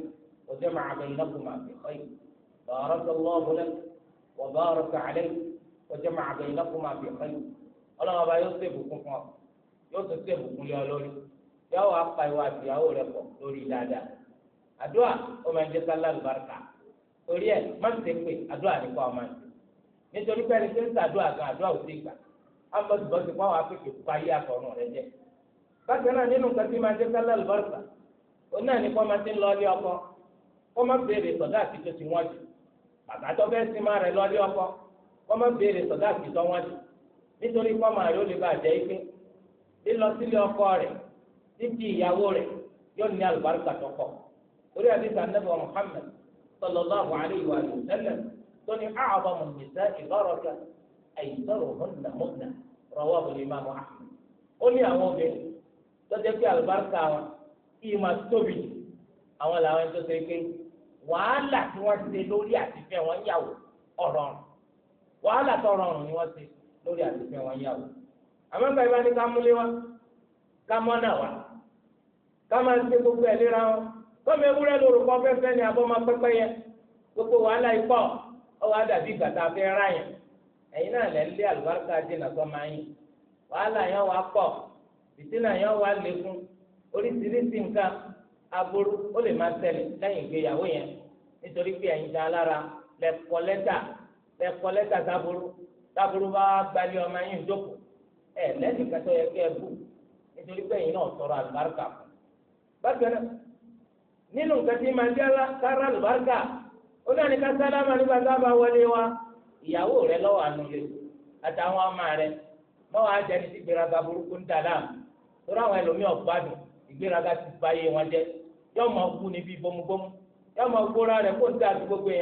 wa jama'a baynakuma fi khayr barakallahu lak wa baraka alayk ọjọ́ máa bẹ̀yìn lọ́kùn máa bẹ̀yìn pẹ́lú ọlọ́run ọba yóò ṣèbù kún fún ọ yóò tún ṣèbù kún lé ọ lórí yóò wá pa ìwà àtìyàwó rẹ pọ̀ lórí dáadáa àdúrà ó máa ń jẹ́ sálá lùbáríkà torí ẹ̀ má ti ṣe pé àdúrà ní kọ́ ọmọ rẹ nítorí pé ẹni tí ń ṣàdúrà gan àdúrà ò sí ìgbà ambọ̀sibọ̀sì kó àwọn afẹ́kẹ́ kó ayé àtọ̀run rẹ jẹ bákan náà nínú nǹkan tí máa jẹ́ sálá lùbáríkà òun náà ní kó máa ti ń lọ ilé ọkọ kó má béèrè sọ̀dá àtijọ́ ti wọ́n jù bàbá tó fẹ́ sin má rẹ lọ ilé ọkọ wọ́n máa béèrè sọ̀dá àkìtọ́ wọn jù nítorí fọ́ọ̀mù àìró lè bá jẹ́ ike lílọ sílé ọkọ rẹ̀ títí ìyàwó rẹ̀ yóò ní àlùbáríkà tó kọ̀ orí àdìsá nàbà Muhammad sallallahu alayhi wa sallam tó ní àbọ̀ mùsùlùmí ìbáraka àìsọ̀rọ̀ hùnà hùnà rọwọ́ àbúlé máa mú àhùn ó ní àwọn obìnrin tó jẹ́ pé àlùbáríkà wọn kí máa tóbi àwọn làwọn tó ṣe pé wàhálà tí wọ́n ṣe lórí àtifẹ́ wọn yàwó ọ̀rọ̀ ọ̀rọ̀ wàhálà tọrọ ọrùn ni wọ́n ti lórí àtìfẹ́ wọn yà wò àmọ́ bàbá ní ká múlé wa ká mọ́nà wa ká máa ṣe gbogbo ẹ̀ wọn tọ́mọ ewúrẹ́ lóru kọ́ fẹ́fẹ́ ni abọ́ máa pẹ́pẹ́ yẹ gbogbo wàhálà ikọ̀ ọwọ́ àdàbí gàtà fẹ́ ra yẹn ẹ̀yin náà lẹ́ lé àlùbáríkà wàhálà yẹn wà pọ̀ ìdínà yẹn wà lékún oríṣiríṣi nǹkan aburú ó lè máa lẹ́yìn ìgbéyàwó yẹn ẹkọ lẹta sábúrú sábúrú bá gbalẹ ọmọ yín jókòó ẹ lẹni kẹtọ yẹ kẹ nítorí pé náà sọ̀rọ̀ àlùbáríkà bákan náà nínú nǹkan tí jẹ sára àlùbáríkà ó náà ní ká sálámà nígbà tá wọlé wa ìyàwó rẹ lọ́wọ́ ànulẹ àtàwọn ọmọ rẹ gbéraga burúkú ń dàdá àwọn ìgbéraga ti báyé wọn jẹ yọọ máa kú níbi yọọ máa gbóra rẹ kó ń dá àdúgbò gbé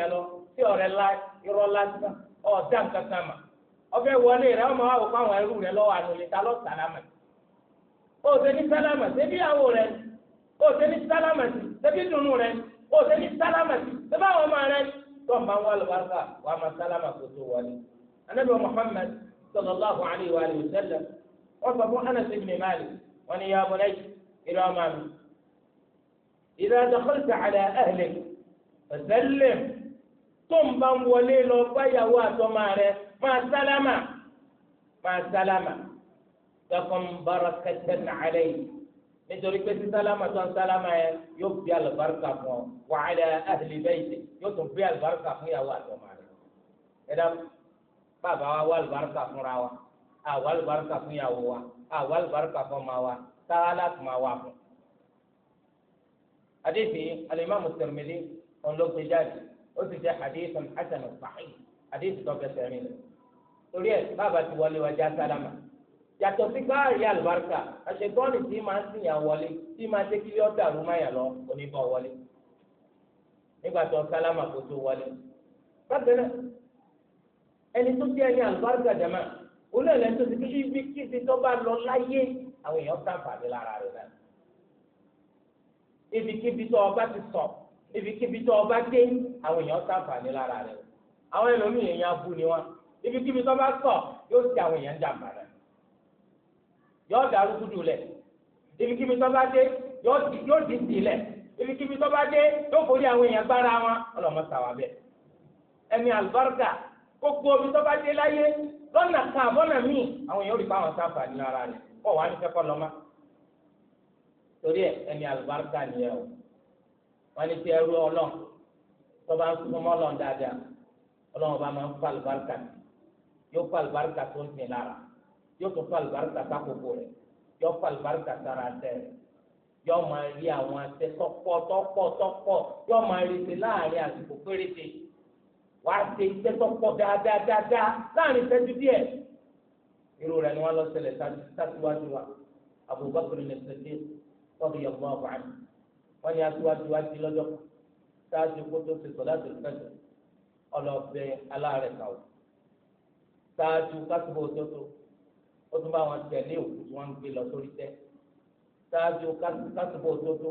tí ọ̀rẹ́ la irọ́ lásán ọ̀dà kankan mà ọbẹ̀ wọlé rẹ ọmọ àwọn fáwọn ẹrú rẹ lọ́wọ́ àlùlé ta lọ sàlámà o ṣe ní sálámà ṣebí àwọ rẹ o ṣe ní sálámà ṣebí dùnú rẹ o ṣe ní sálámà ṣebí àwọn ọmọ rẹ tó ń bá wọn lùbáṣà wà má sálámà kó tó wọlé anabi muhammad sallallahu alayhi wa sallam wọn sọ fún anas ibn malik wọn ni ya bunayya ìlú ọmọ mi ìlú adakọlùsà àlẹ ẹhìlẹ fẹsẹlẹm tó ń bá ń wọlé lọ báyàwó àtọmọ rẹ máa sálámà máa sálámà takun barakatan alayhi nítorí pé sísálámà tó ń sálámà yẹn yóò bí alùbáríkà fún ọ wa ala ahli bayti yóò tún bí alùbáríkà fún ìyàwó àtọmọ rẹ ẹ dá bàbá wa wá alùbáríkà fúnra wa àwa alùbáríkà fún ìyàwó wa àwa alùbáríkà fún ọmọ wa tààlà tó máa wà fún. adéfì alimami Tirmidhi ọ̀n ó sì jẹ́ hadithun hasan sahih hadith tó fẹsẹ̀ rìn lọ. torí ẹ bàbá ti wọlé wa já sálámà yàtọ̀ sí báàrí àlùbáríkà àṣetọ́ni tí máa ń sìyàn wọlé tí máa jẹ́ kí lọ́ọ̀tà rúmáyà lọ oníbọ̀ wọlé nígbà tó sálámà kó tó wọlé. bákan náà ẹni tó jẹ́ ẹni àlùbáríkà jẹ̀mọ́ olú tó ti kí ibi kí ti tó bá lọ láyé àwọn èèyàn sáǹfààní lára rẹ̀ náà. ibikíbi tó ọba ti sọ̀rọ̀ ibikíbi tó ọba dé àwọn èèyàn ṣàǹfààní lára rẹ̀ àwọn ẹlòmíì èèyàn abú ni wọn ibikíbi tó bá sọ yóò ṣe àwọn èèyàn jàǹbá rẹ̀ yóò dàrú gúdù lẹ̀ ibikíbi tó bá dé yóò dì sí lẹ̀ ibikíbi tó bá dé yóò forí àwọn èèyàn gbára wọn ọlọmọ sàwà bẹ ẹni àlùbáríkà gbogbo omi tó bá dé láyé lọ́nà kan àbọ̀nà míì àwọn èèyàn ò rí pa àwọn lára rẹ̀ kọ̀ wá ní fẹ́ kọ́ lọ́mọ torí ẹ ẹni àlùbáríkà nìyẹn o wọn ní tí ẹrú ọlọ́n tó bá ń súnmọ́ ọlọ́n dáadáa ọlọ́n bá máa ń fa àlùbáríkà yóò fa àlùbáríkà tó ń tìǹ lára yóò tún fa àlùbáríkà sákòókò rẹ yóò fa àlùbáríkà sára tẹ rẹ yóò máa rí àwọn àtẹ tọpọ tọpọ tọpọ yóò máa rí ti láàrin àsìkò péréte wà á ṣe iṣẹ́ tọpọ dáadáa dáadáa láàrin ìṣẹ́jú díẹ̀ irú rẹ ni wọn lọ ṣẹlẹ̀ sátiwájú wa Abubakar ní Siddiq radiyallahu anhu wọ́n ní aṣíwájú wa di lọ́jọ́ kan ṣáájú kó tó ṣe sọ̀lá tó fẹ̀jọ̀ ọlọ́ọ̀bẹ aláàrẹ̀ kàwọ́ ṣáájú kásìbò òtótó ó tún bá wọn tẹ̀lé òkú tí wọ́n ń gbé lọ sórí tẹ́ ṣáájú kásìbò òtótó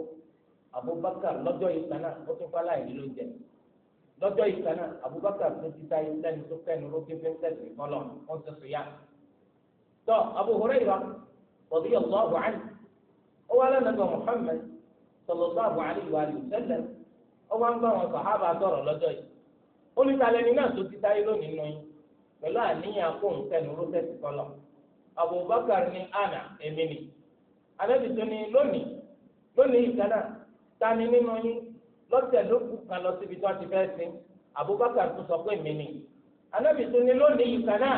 Abubakar lọ́jọ́ yìí kan náà ó tún fálá ìlú lóúnjẹ lọ́jọ́ yìí kan náà Abubakar tún ti ta ilé ẹni tó kẹ́nu ló kéfé sẹ́sì kọ́lọ̀ wọ́n ti sùn yá. tọ́ Abu Hurairah radiyallahu anhu ó wá lẹ́nu Muhammad sallallahu alaihi wa sallam ọmọ ń bá wọn sàhábà sọ̀rọ̀ lọ́jọ́ yìí ó ní ta lẹni náà tó ti táyé lónìí nù yín pẹ̀lú àníyàn fóun sẹ́nu rọ́sẹ̀tì kọlọ̀ Abubakar ní àná èmi nì alẹ́bi tó ní lónìí lónìí ìkànnà tani nínú yín lọ́tẹ̀ ló kú kan lọ síbi tó ti fẹ́ sin Abubakar tó sọ pé èmi nì alẹ́bi tó ní lónìí ìkànnà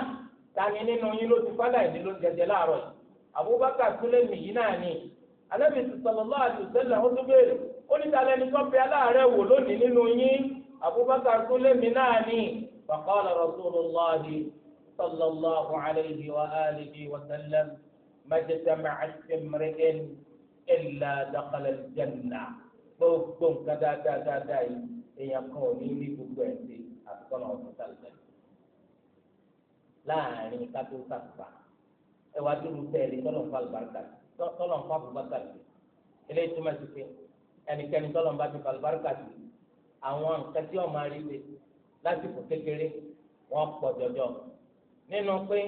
tani nínú yín ló ti fádà ìdílóúnjẹjẹ láàárọ̀ Abubakar tó lé mi yín náà nìyí alẹ́bí sallallahu alaihi wasallam ó tún béèrè ó ní ta lẹni tó bẹ aláàárẹ̀ wò lónìí nínú yín abubakar tún lémi náà ní faqala rasulullahi sallallahu alayhi wa alihi wa sallam majtama'at imri'in illa dakhala al-janna gbogbo nǹkan dáadáa dáadáa yìí èèyàn kan ní ní gbogbo ẹ̀ sí ọ̀sán sálẹ̀ láàrin kátó sàkpà ẹ̀wá dúró bẹ́ẹ̀ ni tọ́lọ̀ fún àlùbáríkà sí. tọ́lọ̀ ń fa àbúgbàkà sí eléyìí túmọ̀ sí pé ẹnikẹ́ni tọ́lọ̀ ń bá ti falùbáríkà sí àwọn nǹkan tí wọ́n máa rí kékeré wọ́n pọ̀ jọjọ nínú pé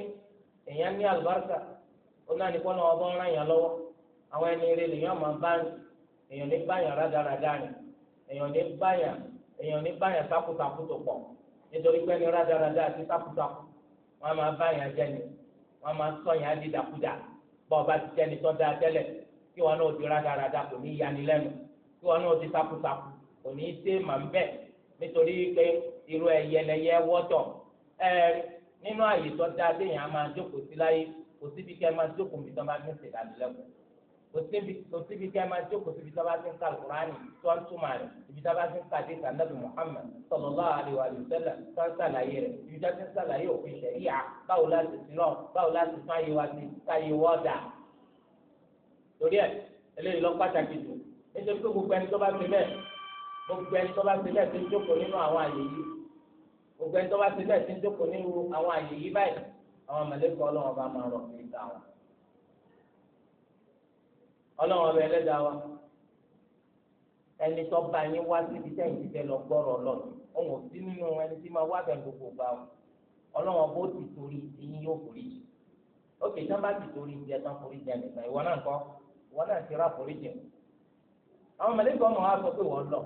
èèyàn ní àlùbáríkà ó náà ní kọ́nà lọ́wọ́ àwọn ẹni rẹ máa bá èèyàn ní báyàn rádaràdà èèyàn ní báyàn èèyàn bọ́ọ̀bá ti jẹ́ni tó dáa tẹ́lẹ̀ kí wọn náà ti rádaràda kò ní yani lẹ́nu kí wọn náà ti sakusaku kò ní í sé màá bẹ̀ nítorí pé irú ẹ̀yẹlẹyẹ wọ́tọ̀ ẹ̀ẹ́rì nínú àyè tó dáa téèyàn á máa jókòó sí láyé kò síbi kẹ́ máa jókòó mi tó máa ń ṣèdánilẹ́kọ̀ọ́ òsibí kí a máa jókòó síbi tá a bá ti ń ka alukurani tó ń túmọ̀ rẹ̀ ibi tá a bá ti ń ka dé kan nàbì muhammed sallallahu alaihi wa sallam tó ń sàlàyé rẹ̀ ibi tá a ti ń sàlàyé òfin ṣẹ̀ríà báwo la ti sinọ́ báwo la ti fún ayé wa ti káyé wọ́ dà. torí ẹ eléyìí lọ pàtàkì jù nítorí pé gbogbo ẹni tó ti bẹ́ẹ̀ gbogbo ẹni tó ti bẹ́ẹ̀ ti ń jókòó nínú àwọn àyè yìí gbogbo ẹni tó bá ti bẹ́ẹ̀ ti ń jókòó nínú àwọn àyè yìí báyìí àwọn mọ̀lẹ́kọ̀ọ́ ọlọ́run ọbẹ̀ ẹlẹ́dàá wa ẹni tó bá yín wá síbi tẹ́yìn ti fẹ́ lọ gbọ́rọ̀ lọ ọ̀hún sí nínú ẹni tí máa wá bẹ̀ gbogbo gbà wọn ọlọ́run ti torí ẹ̀yin yóò forí jì bá ti torí forí ìwọ náà kọ́ ìwọ náà ti rà forí àwọn mẹlẹ́kọ̀ ọmọ wa sọ pé wọ́n lọ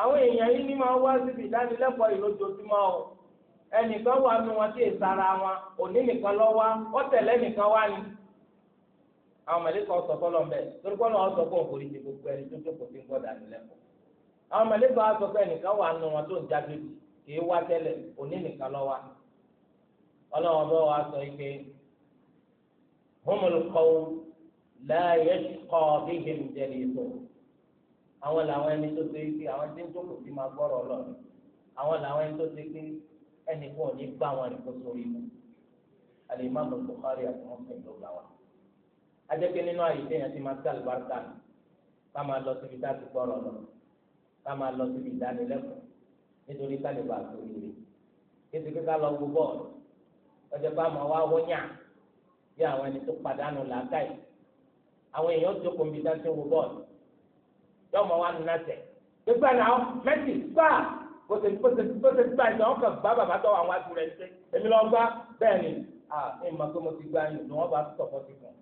àwọn èèyàn o ẹnìkan wà nù wọn wọn òní nìkan lọ àwọn mẹlẹkọ sọ fọlọ mbẹ torí kọ́ náà sọ fún òkòrìjì gbogbo ẹni tó tó kò sí gbọ́ dání lẹ́kọ̀ọ́ àwọn mẹlẹkọ sọ fún ẹnìkan wà nù wọn tó ń jáde bì kì í wá tẹ́lẹ̀ òní nìkan lọ wa ọlọ́wọ́n bọ́ wa sọ ike humul qaw la yashqa bihim jalisu àwọn làwọn ẹni tó ṣe pé àwọn tí ń tó kò sí máa gbọ́rọ̀ ọlọ́run àwọn làwọn ẹni tó ṣe pé ẹnì kan ní gbá wọn nìkan sórí mu Al-Imam Bukhari àti ajẹ́pẹ́ nínú àyè téèyàn ti máa ti àlùbáríkà ni ká máa lọ síbi tá a ti gbọ́rọ̀ lọ ká máa lọ síbi ìdánilẹ́kọ̀ọ́ nítorí kálíbà àtòrí rẹ̀ kéde kíkà lọ wo bọ́ọ̀lù ọjọ́ bá máa wá wọ́nyà bí àwọn ẹni tó padànù làákàyè àwọn èèyàn jókòó níbi tá a ti wo bọ́ọ̀lù yóò máa wá nínú àtẹ̀ gbígbà náà mẹ́tì gbà bóse bóse bóse gbà ìtàn ọkàn bá bàbá tó àwọn àtúrẹ̀ ṣe èmi lọ gbá bẹ́ẹ̀ ni ah ẹ̀ máa tó mo ti gbá yìí ni wọ́n bá tọ̀pọ̀ ti kàn.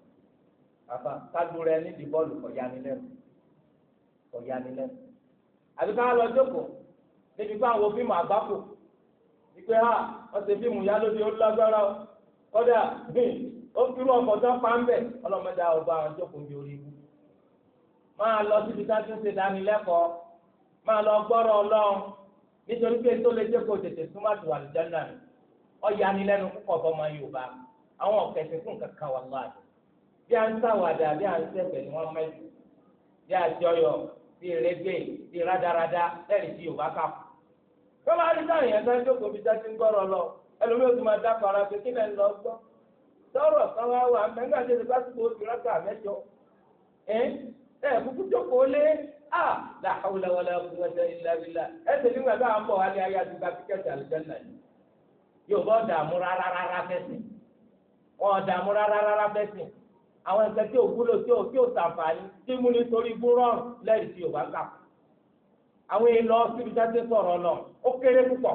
àfa kájú rẹ nídìí bọ́ọ̀lù kọ̀yá mi lẹ́nu kọ̀yá mi lẹ́nu àbí ká lọ jókòó débi bá wo fíìmù àgbákò ha wọ́n fíìmù lóde ó lágbára o kọ́dà bíi ó ọkọ̀ tó pa ń bẹ̀ ọlọ́mọdé ọba àwọn jókòó bí orí máa lọ síbi ti ṣe dánilẹ́kọ̀ọ́ máa lọ gbọ́rọ̀ ọlọ́run nítorí pé tó lè tètè ọ̀yanilẹ́nu bí a ń ṣàwàdà bí a ń ṣẹ̀fẹ̀ ni wọ́n a ti ọyọ bí erégbè bí rádaràda lẹ́yìn tí yorùbá kà kù. tó máa rí sáà yẹn sáà jókòó bí sáà ti ń gbọ́rọ̀ lọ ẹlòmíràn tó máa dákọ̀ ara pé kí lẹ́nu lọ gbọ́ sọ̀rọ̀ kan wá wà mẹ́ńgà tó ti rákà mẹ́jọ kúkú jókòó lé ìlàbílà àwọn ẹgbẹ́ tí ò wúlò tí ò tí ò sàǹfààní tí mú ní torí búrọ́ọ̀n lẹ́yìn tí yorùbá kà àwọn èèyàn lọ síbi jáde sọ̀rọ̀ lọ ó kéré púpọ̀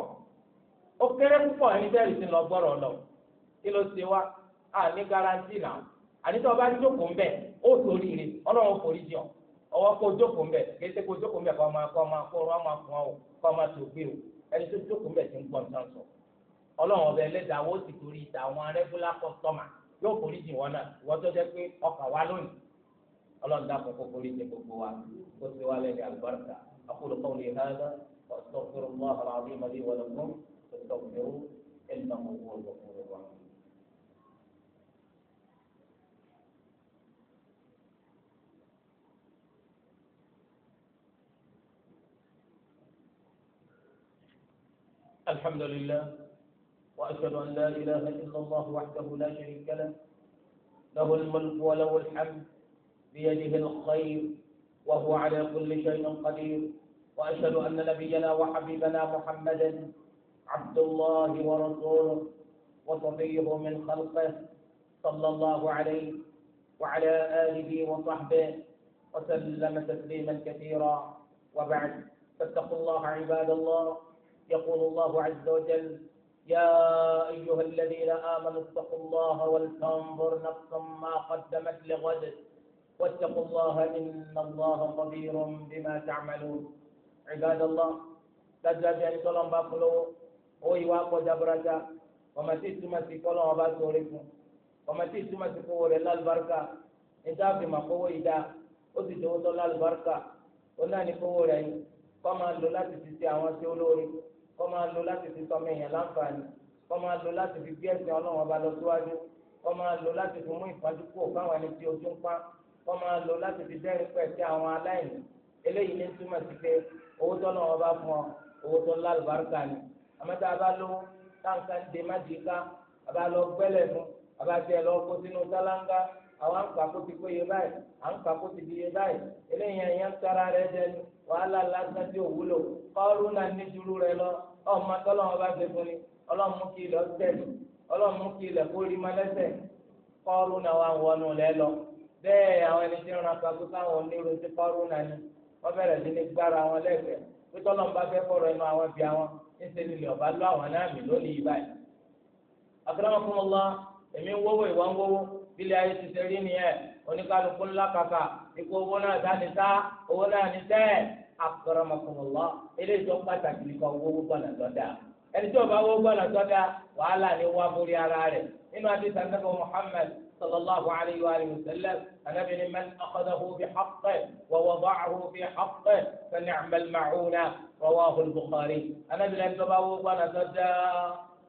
ó kéré púpọ̀ ẹni bẹ́ẹ̀ ti lọ gbọ́rọ̀ lọ kí ló ṣe wá à ní garanti náà àníṣe ọba jókòó ń bẹ̀ ó sórí rè ọlọ́run forí jọ ọwọ́ kó jókòó ń bẹ̀ kí ẹsẹ̀ kó jókòó ń bẹ̀ kọ́ máa kọ́ máa kó ọ̀rọ̀ máa fún ọ kọ́ máa tó gbé o ẹni tó jókòó ń bẹ̀ ti ń gbọ́ nǹkan sọ ọlọ́run ọbẹ̀ ẹlẹ́dàá ó sì torí ìtàwọn rẹ́gúlá kọ́sọ́mà yóò forí jìn wọn náà ìwọ tó jẹ́ pé ọkàn wa lónìí ọlọ́run dàpọ̀ kó forí jìn gbogbo wa kó sì wá lẹ́yìn àlùbáríkà aqulu qawli hadha wa astaghfirullaha al-azim li wa lakum fastaghfiruhu innahu huwal ghafurur rahim. الحمد لله وأشهد أن لا إله إلا الله وحده لا شريك له له الملك وله الحمد بيده الخير وهو على كل شيء قدير وأشهد أن نبينا وحبيبنا محمدا عبد الله ورسوله وصفيه من خلقه صلى الله عليه وعلى آله وصحبه وسلم تسليما كثيرا وبعد فاتقوا الله عباد الله يقول الله عز وجل يا أيها الذين آمنوا اتقوا الله ولتنظر نفس ما قدمت لغد واتقوا الله إن الله خبير بما تعملون عباد الله تجد أن يعني تلم بقلو ويواق جبرتا وما تسمى سيكولو وباسوريكو وما تسمى سيكولو للبركة إذا في مقوة إذا أتجوز للبركة ونحن نقول فما قم أن لا تسيسي أواسي ولوريكو kọ́ máa lo láti fi tọ́ mẹ́yìn láǹfààní kọ́ máa lo láti fi gbé ẹ̀sìn ọlọ́run ọba lọ síwájú kọ́ máa lo láti fi mú ìfájú kúrò fáwọn ẹni tí ojú ń pa kọ́ máa lo láti fi dẹ́rìn pẹ̀ sí àwọn aláìní eléyìí ní túmọ̀ sí pé owó tọ́nà ọba fún ọ owó tó lálùbáríkà ni àmọ́tá a bá lówó táǹkà ń de má a bá lọ gbẹ́lẹ̀ fún a lọ kó sínú sálángá àwọn àǹkà kó ti kó iye báyìí àǹkà kó ti di iye báyìí eléyìí ẹ̀yẹ ń tara rẹ dẹnu wàhálà lásán tí ò wúlò kọ́ọ́rù náà ní jùlọ rẹ lọ ọmọ tọ́lọ́wọ́n bá ṣe fún ni ọlọ́run mú kí ilẹ̀ ọ̀tẹ̀ ọlọ́run mú kí ilẹ̀ ma lẹ́sẹ̀ kọ́ọ́rù náà wà wọnú lẹ lọ bẹ́ẹ̀ àwọn ẹni tí ń ran kakú sáwọn onírú sí kọ́ọ́rù náà ni wọ́n bẹ̀rẹ̀ sí ní gbára bílẹ̀ ayé ti sẹ́rí nìyẹn oníkálukú ńlá kàkà ikú owó náà dání sá owó náà ní sẹ́ akọrọmọkọmọlọ eléyìí tó pàtàkì nípa owó gbọ́nà tọ́da ẹni tí o bá owó gbọ́nà tọ́da wàhálà ni wà borí ara rẹ̀ nínú àti sàǹdàbọ̀ Muhammad صلى الله عليه وآله وسلم أن ابن من أخذه بحقه ووضعه في حقه فنعم المعونة رواه البخاري أنا بن أبو وانا صدى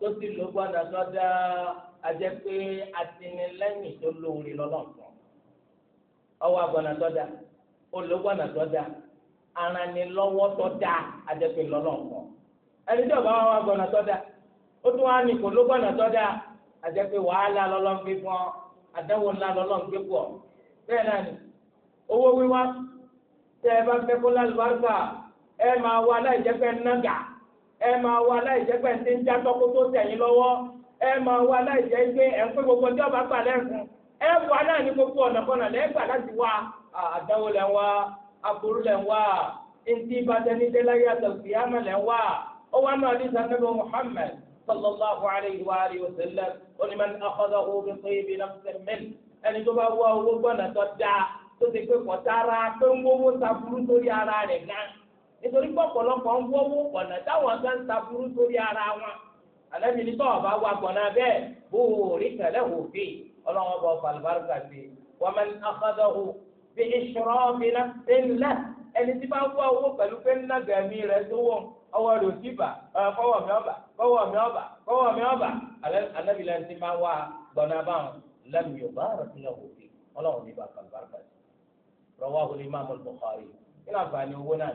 قلت له وانا صدى ajẹ́ pé atinilẹ́yìn tó lóore lọ́lọ́sàn ọwọ́ agbọ̀nà tó olùgbọ̀nà tó aranilọ́wọ́ tó da pé lọ́lọ́sàn ẹni tí ọba ó tún wá ní kò pé wàhálà fún ọ ńlá fún ọ bẹ́ẹ̀ náà ni owó wíwá tẹ ẹ bá fẹ́ kó lálùbáríkà ẹ máa ẹ máa wá láì jẹ́ pé ẹ̀ ń pé gbogbo ọjọ́ bá gbà lẹ́kùn ẹ wà náà ní gbogbo ọ̀nà kọ́nà lẹ́gbà láti wá àdánwò lẹ́ ń wá aburú lẹ́ ń wá ntí ìbátẹnidé láyé àtàkùn yàmà lẹ́ ń wá ó wá náà ní sanabu Muhammad sallallahu alayhi wa alihi wa sallam onímọ̀ akọ́dọ̀ omi pé ibi náà fẹ́ mẹ́lì ẹni tó bá wá owó gbọ́nà tó dáa tó ti pé kọ̀ tara pé ń wọ́wọ́ saburú sórí ara rẹ̀ gan nítorí pọ̀pọ̀lọpọ̀ ń wọ́wọ́ ọ̀nà táwọn kan saburú sórí ara wọn alẹ́ mi ní tọ́ ọba wa gbọ̀nà bẹ́ẹ̀ bó o rí tẹ̀lé òfin ọlọ́wọ́n bọ̀ falibarika sí wọ́n mẹ́ni akadọ́hu bí ìṣòro mi náà ṣe ń lẹ̀ ẹni tí bá wá owó pẹ̀lú pé ńlá gẹ̀mí rẹ̀ tó wọ̀ ọwọ́ rẹ̀ ò sí bà kọ́wọ́ mi ọ̀bà kọ́wọ́ mi ọ̀bà kọ́wọ́ mi ọ̀bà alẹ́ mi lẹ́ni tí máa wá gbọ̀nà báwọn bá rẹ̀ sílẹ̀ òfin bá falibarika sí rọwáhu Imam Bukhari nínú àǹfààní owó náà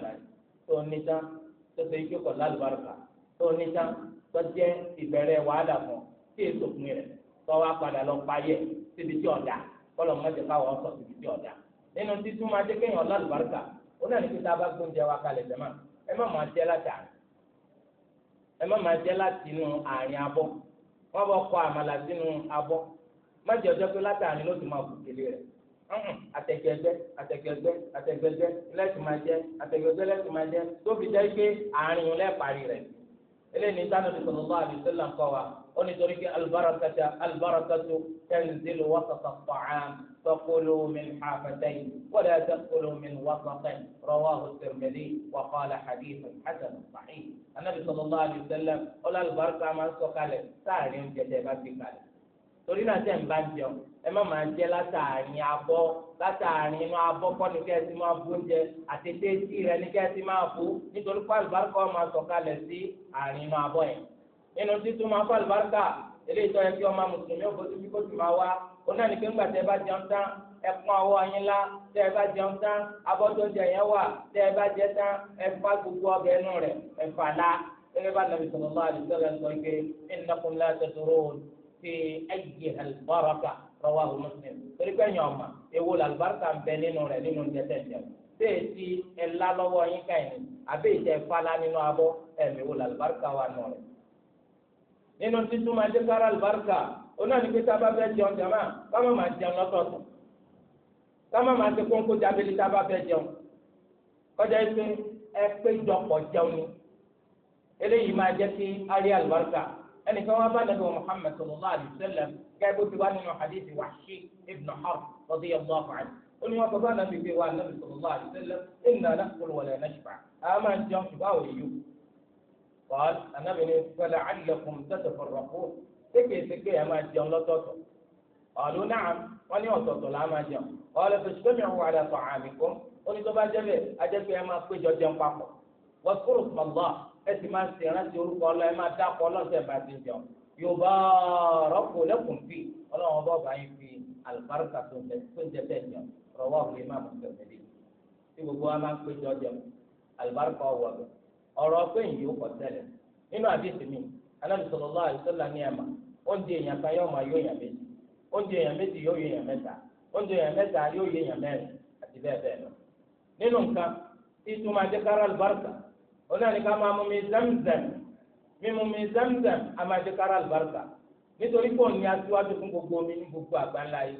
náà tó ní tán tó jẹ́ ìbẹ̀rẹ̀ wàhálà fún ọ tí èso fún rẹ̀ tó wá padà lọ payẹ́ síbi tí ọ̀dà kọ́lọ̀ mọ́jẹ káwọn sọ síbi tí ọ̀dà nínú títún máa jẹ́ kéèyàn lálùbáríkà ó náà ní kí tá a bá gbóúnjẹ wa kalẹ̀ jẹ́ máa ẹ má máa jẹ́ láti àná ẹ má máa jẹ́ láti inú àárín abọ́ wọ́n bọ́ kọ àmàlà sínú abọ́ má jẹ́ ọjọ́ pé láti àárín ló ti máa bù kele rẹ̀ atẹgbẹgbẹ atẹgbẹgbẹ atẹgbẹgbẹ lẹsùn máa jẹ atẹgbẹgbẹ lẹsùn máa jẹ tó jẹ pé àárín lẹ rẹ eléyìí tánu ní sọlọ lọ́wọ́ àbísílẹ̀ ń kọ́ wa ó ní torí pé albarakata albarakatu tẹ̀sílù wasata fàcán tọkulu min xaafatayi wàlá tọkulu min wasatayi rọwáhu tirmidhi wa qaala xadiifu xasan saxiix anabi sọlọ lọ́wọ́ àbísílẹ̀ ó lọ albarka máa ń sọ kalẹ̀ sáà ní oúnjẹ tẹ̀ bá ti kalẹ̀ torí náà tẹ̀ ń bá jẹun ẹ má máa jẹ látàrin abọ́ látàrin inú abọ́ kọ́ni kẹ́ ẹ ti máa bu oúnjẹ àtẹ̀tẹ̀ tí rẹ ní kẹ́ ẹ ti máa bu nítorí pé àlùbáríkà máa sọ̀kalẹ̀ sí àárín inú abọ́ yẹn nínú títún máa fọ àlùbáríkà eléyìí tó yẹ kí ọmọ mùsùlùmí ó fojú bí kó sì máa wá ó náà ní pé ńgbà tẹ́ bá jẹun tán ẹ pọ́n ọwọ́ yín lá tẹ́ ẹ bá jẹun tán abọ́ tó jẹ yẹn wà tẹ́ ẹ bá jẹ tán ẹ fà gbogbo ọbẹ̀ inú rẹ̀ ẹ fà lá gẹ́gẹ́ bá nàbì sallallahu alaihi wasallam sọ pé innakum la tadurun fi ayyi albaraka rawahu muslim torí pé ẹ̀yàn ọ̀ma ewu làlùbáràkà ń bẹ nínú rẹ̀ nínú jẹ́tẹ̀ jẹ́ bẹ́ẹ̀ e tí ẹ lá lọ́wọ́ yín káyìn àbẹ́ ìjẹ́ fala nínú abọ́ ẹ̀mí ewu làlùbáràkà wà nù rẹ̀ nínú títún máa dé kára àlùbáràkà onáà ní pé tá a bá fẹ́ jẹun jàmá ká máa jẹun lọ́tọ̀ọ̀tọ̀ ká máa ṣe kóńkó jábẹ́lí tá a bá fẹ́ jẹun kọjá ẹgbẹ́ ẹ péjọpọ̀ jẹun ni eléyìí máa jẹ́ kí á rí ẹnìkan wọn bá nàbẹ Muhammad sallallahu alayhi wa sallam gẹ́gẹ́ bó ti wá nínú hadithi Wahshi ibn Harb radiyallahu anhu ó ní wọn sọ fún anabi pé wà anabi sallallahu alayhi wa sallam inna nakulu wala nashba a máa ń jẹun ṣùgbọ́n àwọn èèyàn wàá anabi ní fẹlẹ alẹkùn tẹsẹfọrọkù sékèésékè a máa jẹun lọ́tọ̀ọ̀tọ̀ ọlù náà wọn ní ọ̀tọ̀ọ̀tọ̀ là á máa jẹun ọlọ fẹsùlẹmì ọwọ àdàtọ àmì kún ó ní tó bá jẹ bẹ́ẹ̀ ajẹ pé a máa péjọ jẹun papọ̀ wọ́n kúrò fún ọlọ́ọ̀ ẹ sì máa ṣe ìrántí orúkọ ọlọ́run ẹ máa dákọ̀ ọlọ́sẹ̀ bá ti jọ yorùbá rọ́pò lẹ́kùn fi ọlọ́run ọba ọba yín fi àlùbáríkà tó ń jẹ tó ń jẹ bẹ́ẹ̀ yàn rọwọ́ òkè máa mọ̀ tẹ̀lé tí gbogbo wa máa ń pé jọ jẹun àlùbáríkà ọwọ́ bẹ̀ ọ̀rọ̀ pé ìyí ó kọ̀ tẹ́lẹ̀ nínú àdéhùn mi alábìsọ̀lọ́lá àdìsọ́lá ní ẹ̀ma oúnjẹ èèyàn kan yóò máa yó èèyàn méjì oúnjẹ èèyàn méjì yóò yó èèyàn oúnjẹ èèyàn mẹ́ta yóò yó èèyàn àti bẹ́ẹ̀ bẹ́ẹ̀ lọ nínú nǹkan náà ní ká máa mú mi zamzam mímú mi zamzam a máa jẹ kára àlùbáríkà nítorí pọ̀ ní aṣíwájú fún gbogbo omi ní gbogbo àgbáńlá yìí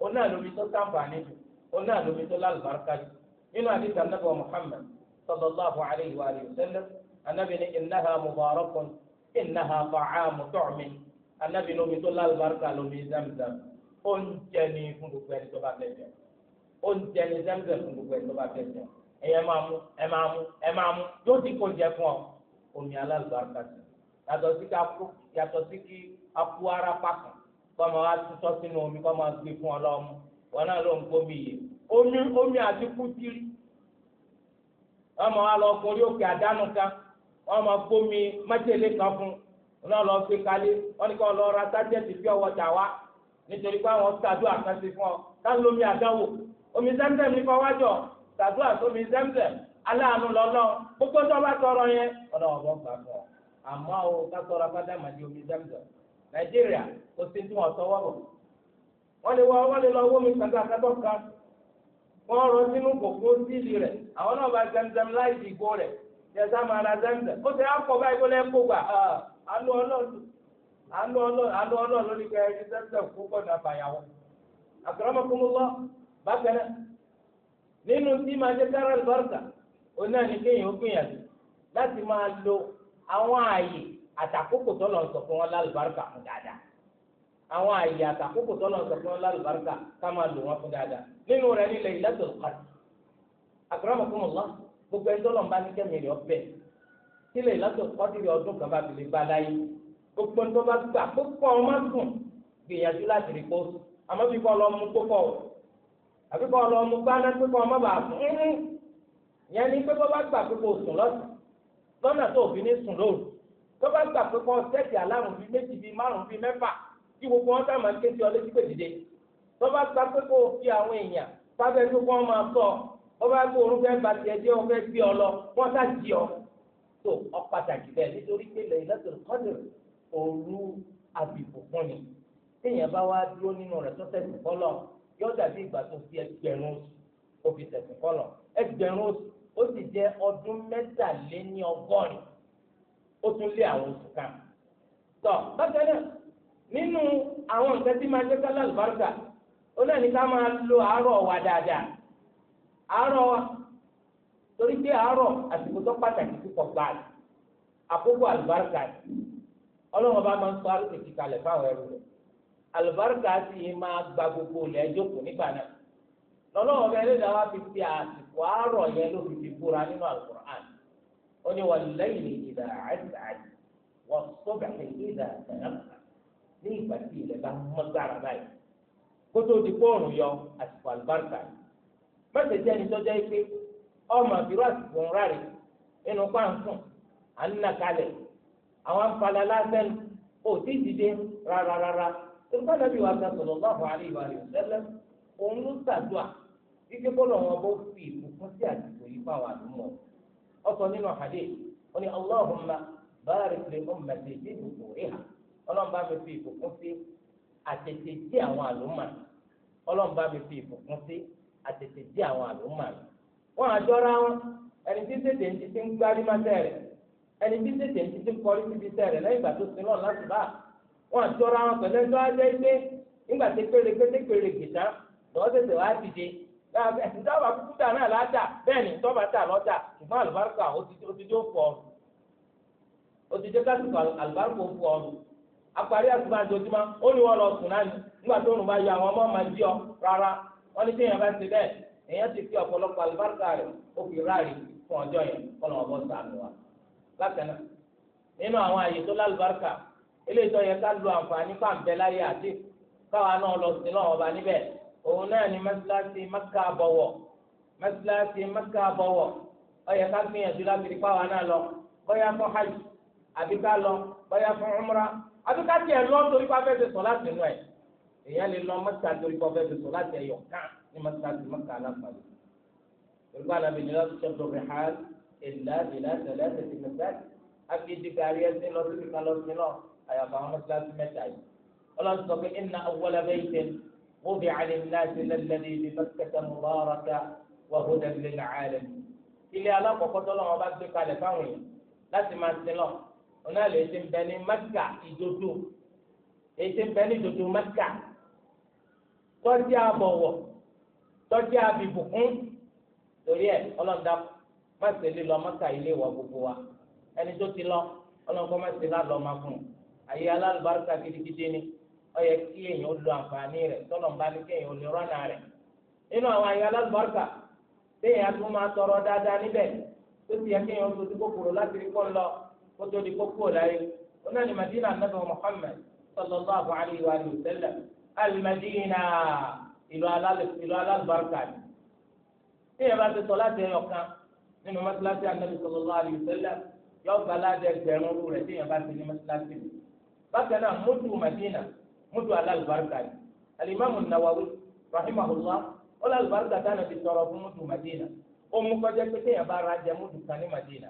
ó náà lómi tó sàǹfààní jù ó náà lómi tó lálùbáríkà jù nínú àdìsá nàbà Muhammad sallallahu alayhi wa sallam anabi ni innaha mubarakun innaha ta'amu tu'min anabi lómi tó lálùbáríkà lómi zamzam oúnjẹ ni fún gbogbo ẹni tó bá fẹ́ jẹ oúnjẹ zamzam fún gbogbo ẹni tó bá fẹ́ ẹ̀yẹ máa mú ẹ máa mú ẹ máa mú yóò ti kó jẹ fún ọ. omi alálùbáríkà sí yàtọ̀ sí ká kú yàtọ̀ sí kí akú ara pàkàn kọ́ máa wá tutọ́ sínú omi kọ́ máa gbé fún ọ lọ́mú wọn náà ló ń gbómi yìí omi omi àti kútìrì wọn máa wá lọ gun orí òkè àdánù kan wọn máa gbómi májèlé kan fún un náà lọ gbé kalẹ̀ wọn ní kí wọn lọ ra sájẹ̀tì bí ọwọ́ tà wá nítorí pé àwọn ṣàdúrà kan sí fún ọ táwọn lómi àdánwò omi sẹ́ńtẹ̀ mi kọ́ wájọ tàdúrà sómi zẹ́mzẹ́m aláàánú lọ́lọ́ gbogbo tó bá tọrọ yẹn ọ̀dọ̀ ọ̀bọ̀ gbà fún ọ o ká tọrọ màdí omi a nàìjíríà kò sí tí wọ́n tọwọ́ bọ̀ wọn lè wọ wọ́n lè lọ wó mi kàtà kan wọ́n sínú kòkó sílì rẹ̀ àwọn náà bá láì yẹsẹ ó ti báyìí kó kó gbà nínú tí máa jẹ́ sára àlùbáríkà òun náà ní kéèyàn ó gbìyànjú láti máa lo àwọn ààyè àtàkókò tó lọ sọ fún wọn lálùbáríkà fún dáadáa àwọn ààyè àtàkókò tó lọ sọ fún wọn lálùbáríkà ká máa lò wọn fún dáadáa nínú rẹ̀ ní Lailatul Qadr akramakumullah gbogbo ẹni tó lọ ń bá ní kẹmìrì ọbẹ tí Lailatul Qadr ọdún kan bá fi lè bá láyé gbogbo ẹni tó bá gbà púpọ̀ ọmọ sùn gbìyànjú láti rí kó àmọ́ bí kò lọ mú púpọ̀ àbí kọ́ lọ mú gbáná pé kọ́ ọmọ bàá fún un yẹn ni pé kọ́ bá gbà pé kò sùn lọ́sàn lọ́nà tó fi ní sùn lóru tó bá gbà pé kọ́ sẹ́ẹ̀tì aláàrùn bíi méjì bíi márùn bíi mẹ́fà kí gbogbo wọn sàmà ké sí ọ létí pé dìde tó bá gbà pé kó fi àwọn èèyàn sábẹ́ tó kọ́ máa sọ ó bá kó orun fẹ́ bàtì ẹjẹ́ ó fẹ́ gbé ọ lọ wọ́n sá jí ọ tó ọ bẹ́ẹ̀ nítorí pé Laylatul Qadr òru àbìkù fún ni téèyàn bá wá dúró nínú rẹ̀ tó tẹ̀sí fọ́lọ́ọ̀ yóò dàbí ìgbà tó fi ẹgbẹ̀rún oṣù ó fi tẹ̀sùn kọ́lọ̀ ẹgbẹ̀rún oṣù ó sì jẹ́ ọdún mẹ́tàléní ọgọ́rin ó tún lé àwọn oṣù kan. tọ́ bákan náà nínú àwọn nǹkan tí máa jẹ́ kálá àlùbáríkà ó náà ní ká máa lo àárọ̀ wa dáadáa àárọ̀ wa torí pé àárọ̀ àsìkò tó pàtàkì tó pọ̀ gbà àkókò àlùbáríkà ọlọ́run bá máa ń sọ àrùn kìkì kalẹ̀ fáwọn ẹrù rẹ̀ àlùbáríkà sì máa gba gbogbo ilẹ̀ ẹjọ́kùn nígbà náà lọ́lọ́wọ́ bẹ́ẹ̀ fi ti àsìkò àárọ̀ yẹn ló fi fi búra nínú alukur'an ó ní wàlúùlẹ́yìn ìdá àìsàáyì wọ́n sọ́bẹ̀ ìdá àtàlàkà ní ìgbà tí ilẹ̀ bá mọ́gbàrà báyìí kótó yọ àsìkò jẹ́ ike ọmọ àbíró àsìkò ńlá rẹ̀ nínú pàǹsùn à àwọn àǹfààní aláṣẹ́nu kò tí e nàbí wa kan sọ̀rọ̀ lọ́hùn àríwá rẹ̀ òun ló ṣàdúà ike kọ́lọ̀ wọn bó fi ìbùkún sí àdìgbò yìí fáwọn àdúmọ̀ ọ̀sọ̀ nínú àhàdé wọn ni Allahumma barik li ummati fi bukuriha ọlọ́run bá mi fi sí dí àwọn àlùmọ̀ bá mi fi sí dí àwọn àlùmọ̀ wọn àjọra wọn ẹni tí tètè ti ń gbárí ẹni tí tètè ti kọrí síbi lẹ́yìn ìgbà tó lọ́ọ̀ wọn àtọrọ àwọn pẹ̀lú ẹjọ́ ajẹ gbé nígbà tí pérépé tí pérépé tán lọ tètè wá dìde ìdáwà kúkúta náà láta bẹ́ẹ̀ ni tọ́ba tà lọ́ta ṣùgbọ́n àlùbáríkà òtítí ó fọ ọrùn òtítí kásìkò àlùbáríkà ó fọ ọrùn àparí àtúbà àjọjúmọ́ ó ní wọn lọ sùn náà nígbà tó rùn bá yọ àwọn ọmọ máa jí ọ rárá wọn ní téèyàn bá ti bẹ́ẹ̀ èèyàn ti fi ọ̀pọ̀lọpọ̀ àlùbáríkà rẹ̀ ó fi ráàrí fún ọjọ́ yẹn kọ́ lọ́wọ́ sàánù wa. bákan nínú àwọn àyè tó lálùbáríkà eléyìí tó yẹ ká lu àǹfààní pàǹbẹ láyé àti káwa náà lọ sí náà ọba níbẹ̀ òun náà ni mẹsàlásì mẹka àbọwọ mẹsàlásì mẹka àbọwọ ó yẹ ká gbìyànjú láti rí káwa náà lọ bóyá fún hajj àbí ká lọ bóyá fún umra àbí ká tiẹ̀ lọ torí pa fẹ́ẹ́ ti sọ láti nù ẹ̀ èèyàn lè lọ mẹka torí pa fẹ́ẹ́ sọ láti ẹ̀yọ̀ kán ní mẹsàlásì mẹka aláfààní yorùbá alábi ni láti sọ́dọ̀ rẹ̀ àyàfà àwọn mọ́sálásí mẹ́ta yìí ọlọ́run sọ pé inna awwala baytin wudi'a lin-nasi lalladhi bi Bakkata mubarakan wa hudan lil-'alamin ilé alákọ̀ọ́kọ́ tọ́lọ́wọ́n bá gbé kalẹ̀ fáwọn èèyàn láti máa sin lọ ọ̀nà àlè ti ń bẹ ní Mẹ́kà ìdodo èyí ti bẹ ní ìdodo Mẹ́kà tọ́jú àbọ̀wọ̀ tọ́jú àbìbùkún torí ẹ̀ ọlọ́dà má ṣe lè lọ Mẹ́kà ilé wọ gbogbo wa ẹni tó ti lọ ọlọ́kọ́ má ṣe lálọ́ máa fún un ayé alálùbáríkà gidigidi ni ó yẹ kí èèyàn lo àǹfààní rẹ̀ tọ́lọ̀ ń bá ní kí èèyàn lè rọ́nà rẹ̀ nínú àwọn ayé alálùbáríkà téèyàn tún máa tọrọ dáadáa níbẹ̀ tó ti yẹ kí èèyàn tó ti kókòrò láti rí kọ́ lọ kó tó di kókó láyé wọn náà ní madina anabi muhammed sallallahu alayhi wa sallam alimadina ìlú alálùbáríkà ni téèyàn bá ti sọ láti ẹyọ kan nínú mọ́tíláṣí anabi sallallahu alayhi wa sallam yọ bákan náà mọ́tò madina mọ́tò alálùbáríkà ni alimami nawawi rahimahullah ọlọ alùbáríkà táwọn ti tọrọ fún mọ́tò madina ó mú kọjá pé téèyàn bá ra jẹ mọ́tò kan ní madina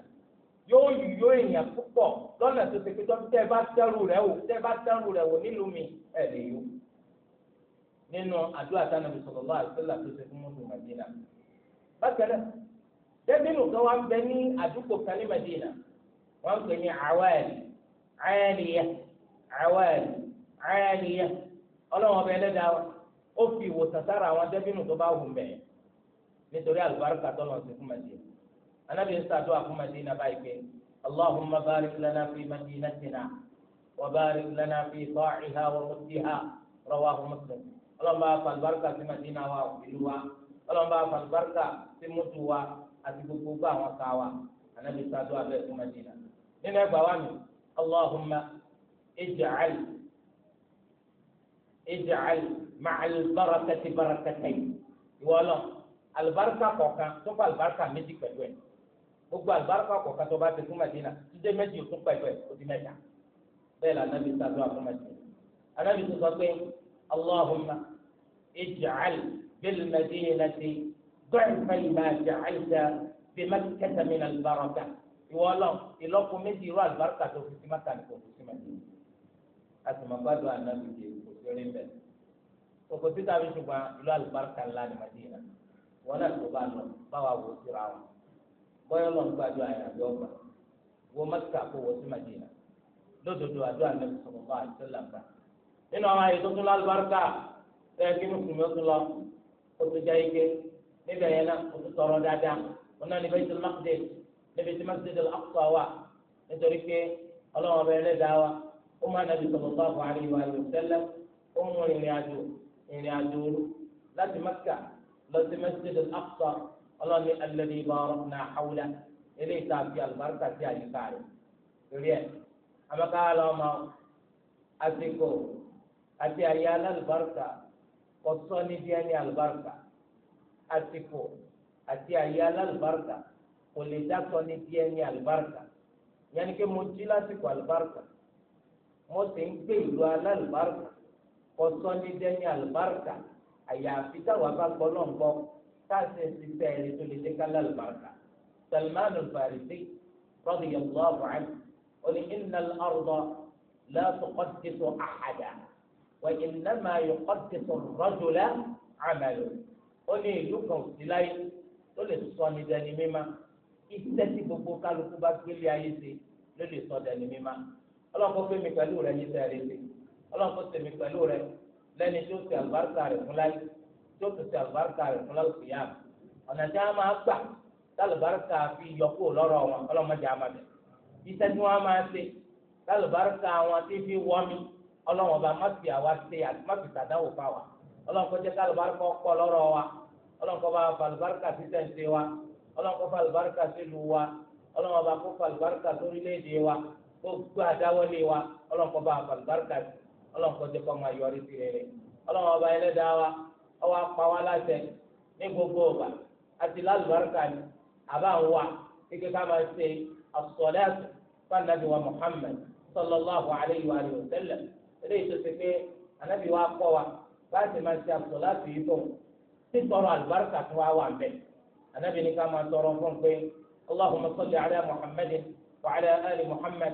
yóò yíyó èèyàn púpọ̀ lọ́nà tó ti péjọ́ tẹ́ ẹ bá tẹ́rù rẹ̀ wò tẹ́ ẹ bá tẹ́rù rẹ̀ wò nílùú mi ẹ̀ lè yó nínú àdúrà táwọn ti sọ̀rọ̀ lọ́wọ́ àtúntò tó ti fún mọ́tò madina bákan náà dẹ́bínú kan wá bẹ ní àdúgbò kan madina wọ́n ń pè ní àwáàlì àyàlìyà àwẹ̀lì àyànníyà ọlọ́run ọba ẹlẹ́dàá ó fi ìwòsàn sára àwọn dẹ́bìnù tó bá wù mẹ́ nítorí àlùbáríkà tọ́lọ̀ sí fún Madina anábì ń sàdúrà fún Madina báyìí pé allahumma barik lana fi madinatina wa barik lana fi ta'iha wa mutiha rawahu muslim ọlọ́run bá fa àlùbáríkà sí Madina wa ìlú wa ọlọ́run bá fa àlùbáríkà sí mutu wa àti gbogbo àwọn ká wa sàdúrà bẹ́ẹ̀ fún nínú ẹgbàá wa mi allahumma. اجعل اجعل مع البركة بركتين ìwọ lọ alibarika kọ̀ọ̀kan tó kọ alibarika méjì pẹ̀lú ẹ̀ gbogbo alibarika kọ̀ọ̀kan tó bá ti fún madina jíjẹ méjì ó tún pẹ̀lú ẹ̀ ó di mẹ́ta bẹ́ẹ̀ la anabi sàdúrà fún madina anabi sọ pé allahumma ij'al bil madinati ضعف ما جعلت بمكة من البركة يقول الله إلوكم مدي البركة في مكة في مدينة asùnmọ̀gbádùn ànábì jẹ kò sí orí bẹ́ẹ̀. Òkò títà mi ṣùgbọ́n ìlú àlùbáríkà ńlá ni Màdínà. Wọ́n náà tó bá lọ báwa wò síra wọn. Bọ́yọ̀ lọ ń gbàdúrà yẹn àbí ọgbà. Wo Mẹ́kà kó wọ sí Màdínà. Lódodo àdúrà ànábì sọ̀rọ̀ bá Nínú àwọn àyè tó tún lálùbáríkà bẹ́ẹ̀ kí Mùsùlùmí ó tún lọ. Ó já ike. Níbẹ̀ yẹn náà ó tọrọ dáadáa. Wọ́n náà ní Baitul Maqdis níbi tí Masjid ó máa nàbí sallallahu alaihi wa sallam ó mú ìrìn àjò ìrìn àjò òru láti Mẹ́kà lọ sí Masjid al-Aqsa ọlọ́ni alladhi barakna hawla eléyìí tá a fi àlùbáríkà sí àyíká rẹ̀ torí ẹ̀ àmọ́ká lọ́wọ́ máa àsìkò àti àyè alálùbáríkà kò sọ ní díẹ̀ ní àlùbáríkà àsìkò mo jí lásìkò àlùbáríkà wọ́n ti ń gbé ìlú alálùbáríkà kọ́sọ́ ní dẹ́ni àlùbáríkà àyàfi táwa bá gbọ́ náà ń gbọ́ káàsì ti tẹ̀lé tó lè dé kálá àlùbáríkà Salman al-Farisi radiyallahu anhu oní inna al-arda la tuqaddisu ahada wa innama yuqaddisu ar-rajulu amalu oní ìlú kan sí láyé tó lè sọ dẹ́ni mímá iṣẹ́ tí gbogbo kálukú bá gbélé ayé ṣe ló lè sọ dẹ́ni mímá ọlọ́run kó fẹ́mi pẹ̀lú rẹ ní sẹ́yà lẹ́sẹ̀ ọlọ́run kó sẹ́mi pẹ̀lú rẹ lẹ́ni tó ṣe àlùbáríkà rẹ̀ fún láyé tó ṣe àlùbáríkà rẹ̀ fún láwùjọ yá ọ̀nà tí a máa gbà tálùbáríkà fi yọkú lọ́rọ̀ wọn ọlọ́mọdé àmàbẹ̀ iṣẹ́ tí wọ́n máa ṣe tálùbáríkà wọn ti fi wọ́ mi má fi àwa ṣe má fi tàdáwò fà wá ọlọ́run jẹ́ tálùbáríkà ọkọ̀ gbogbo àdáwọlé wa ọlọ́nkọ́ bá àbàlùbáríkà sí ọlọ́nkọ́ jẹ́ kó máa yọrí sí rere ọlọ́nkọ́ bá ẹlẹ́dàá wa ọwọ́ apá wa láṣẹ ní gbogbo ọba àti lálùbáríkà ni àbá ń wà kíkẹ́ ká máa ṣe àsọ̀lẹ́àtù fanabi wa Muhammad sallallahu alayhi wa sallam eléyìí tó ṣe pé anabi wa kọ́ wa láti máa ṣe àsọ̀lẹ́àtù yìí tó títọrọ àlùbáríkà tó wá wà ń bẹ̀ anabi ní ká máa tọrọ fún pé allahumma salli muhammad.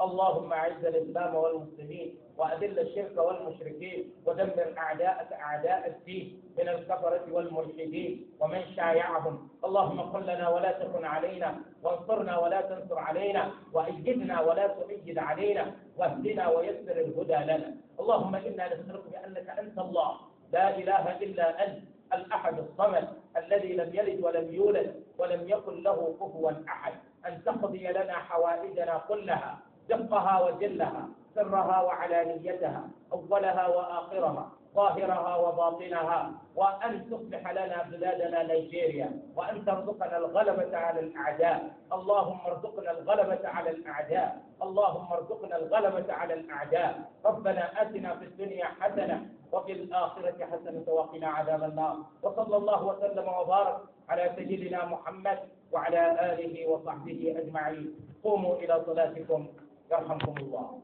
اللهم اعز الاسلام والمسلمين واذل الشرك والمشركين ودمر اعداءك اعداء الدين من الكفره والملحدين ومن شايعهم اللهم قل لنا ولا تكن علينا وانصرنا ولا تنصر علينا وايدنا ولا تؤيد علينا واهدنا ويسر الهدى لنا اللهم انا نسالك بانك انت الله لا اله الا انت الأحد الصمد الذي لم يلد ولم يولد ولم يكن له كفوا أحد أن تقضي لنا حوائجنا كلها دقها وجلها سرها وعلانيتها أولها وآخرها ظاهرها وباطنها وأن تصلح لنا بلادنا نيجيريا وأن ترزقنا الغلبة على الأعداء اللهم ارزقنا الغلبة على الأعداء اللهم ارزقنا الغلبة على الأعداء ربنا آتنا في الدنيا حسنة وفي الآخرة حسنة وقنا عذاب النار وصلى الله وسلم وبارك على سيدنا محمد وعلى آله وصحبه أجمعين قوموا إلى صلاتكم 要公红装。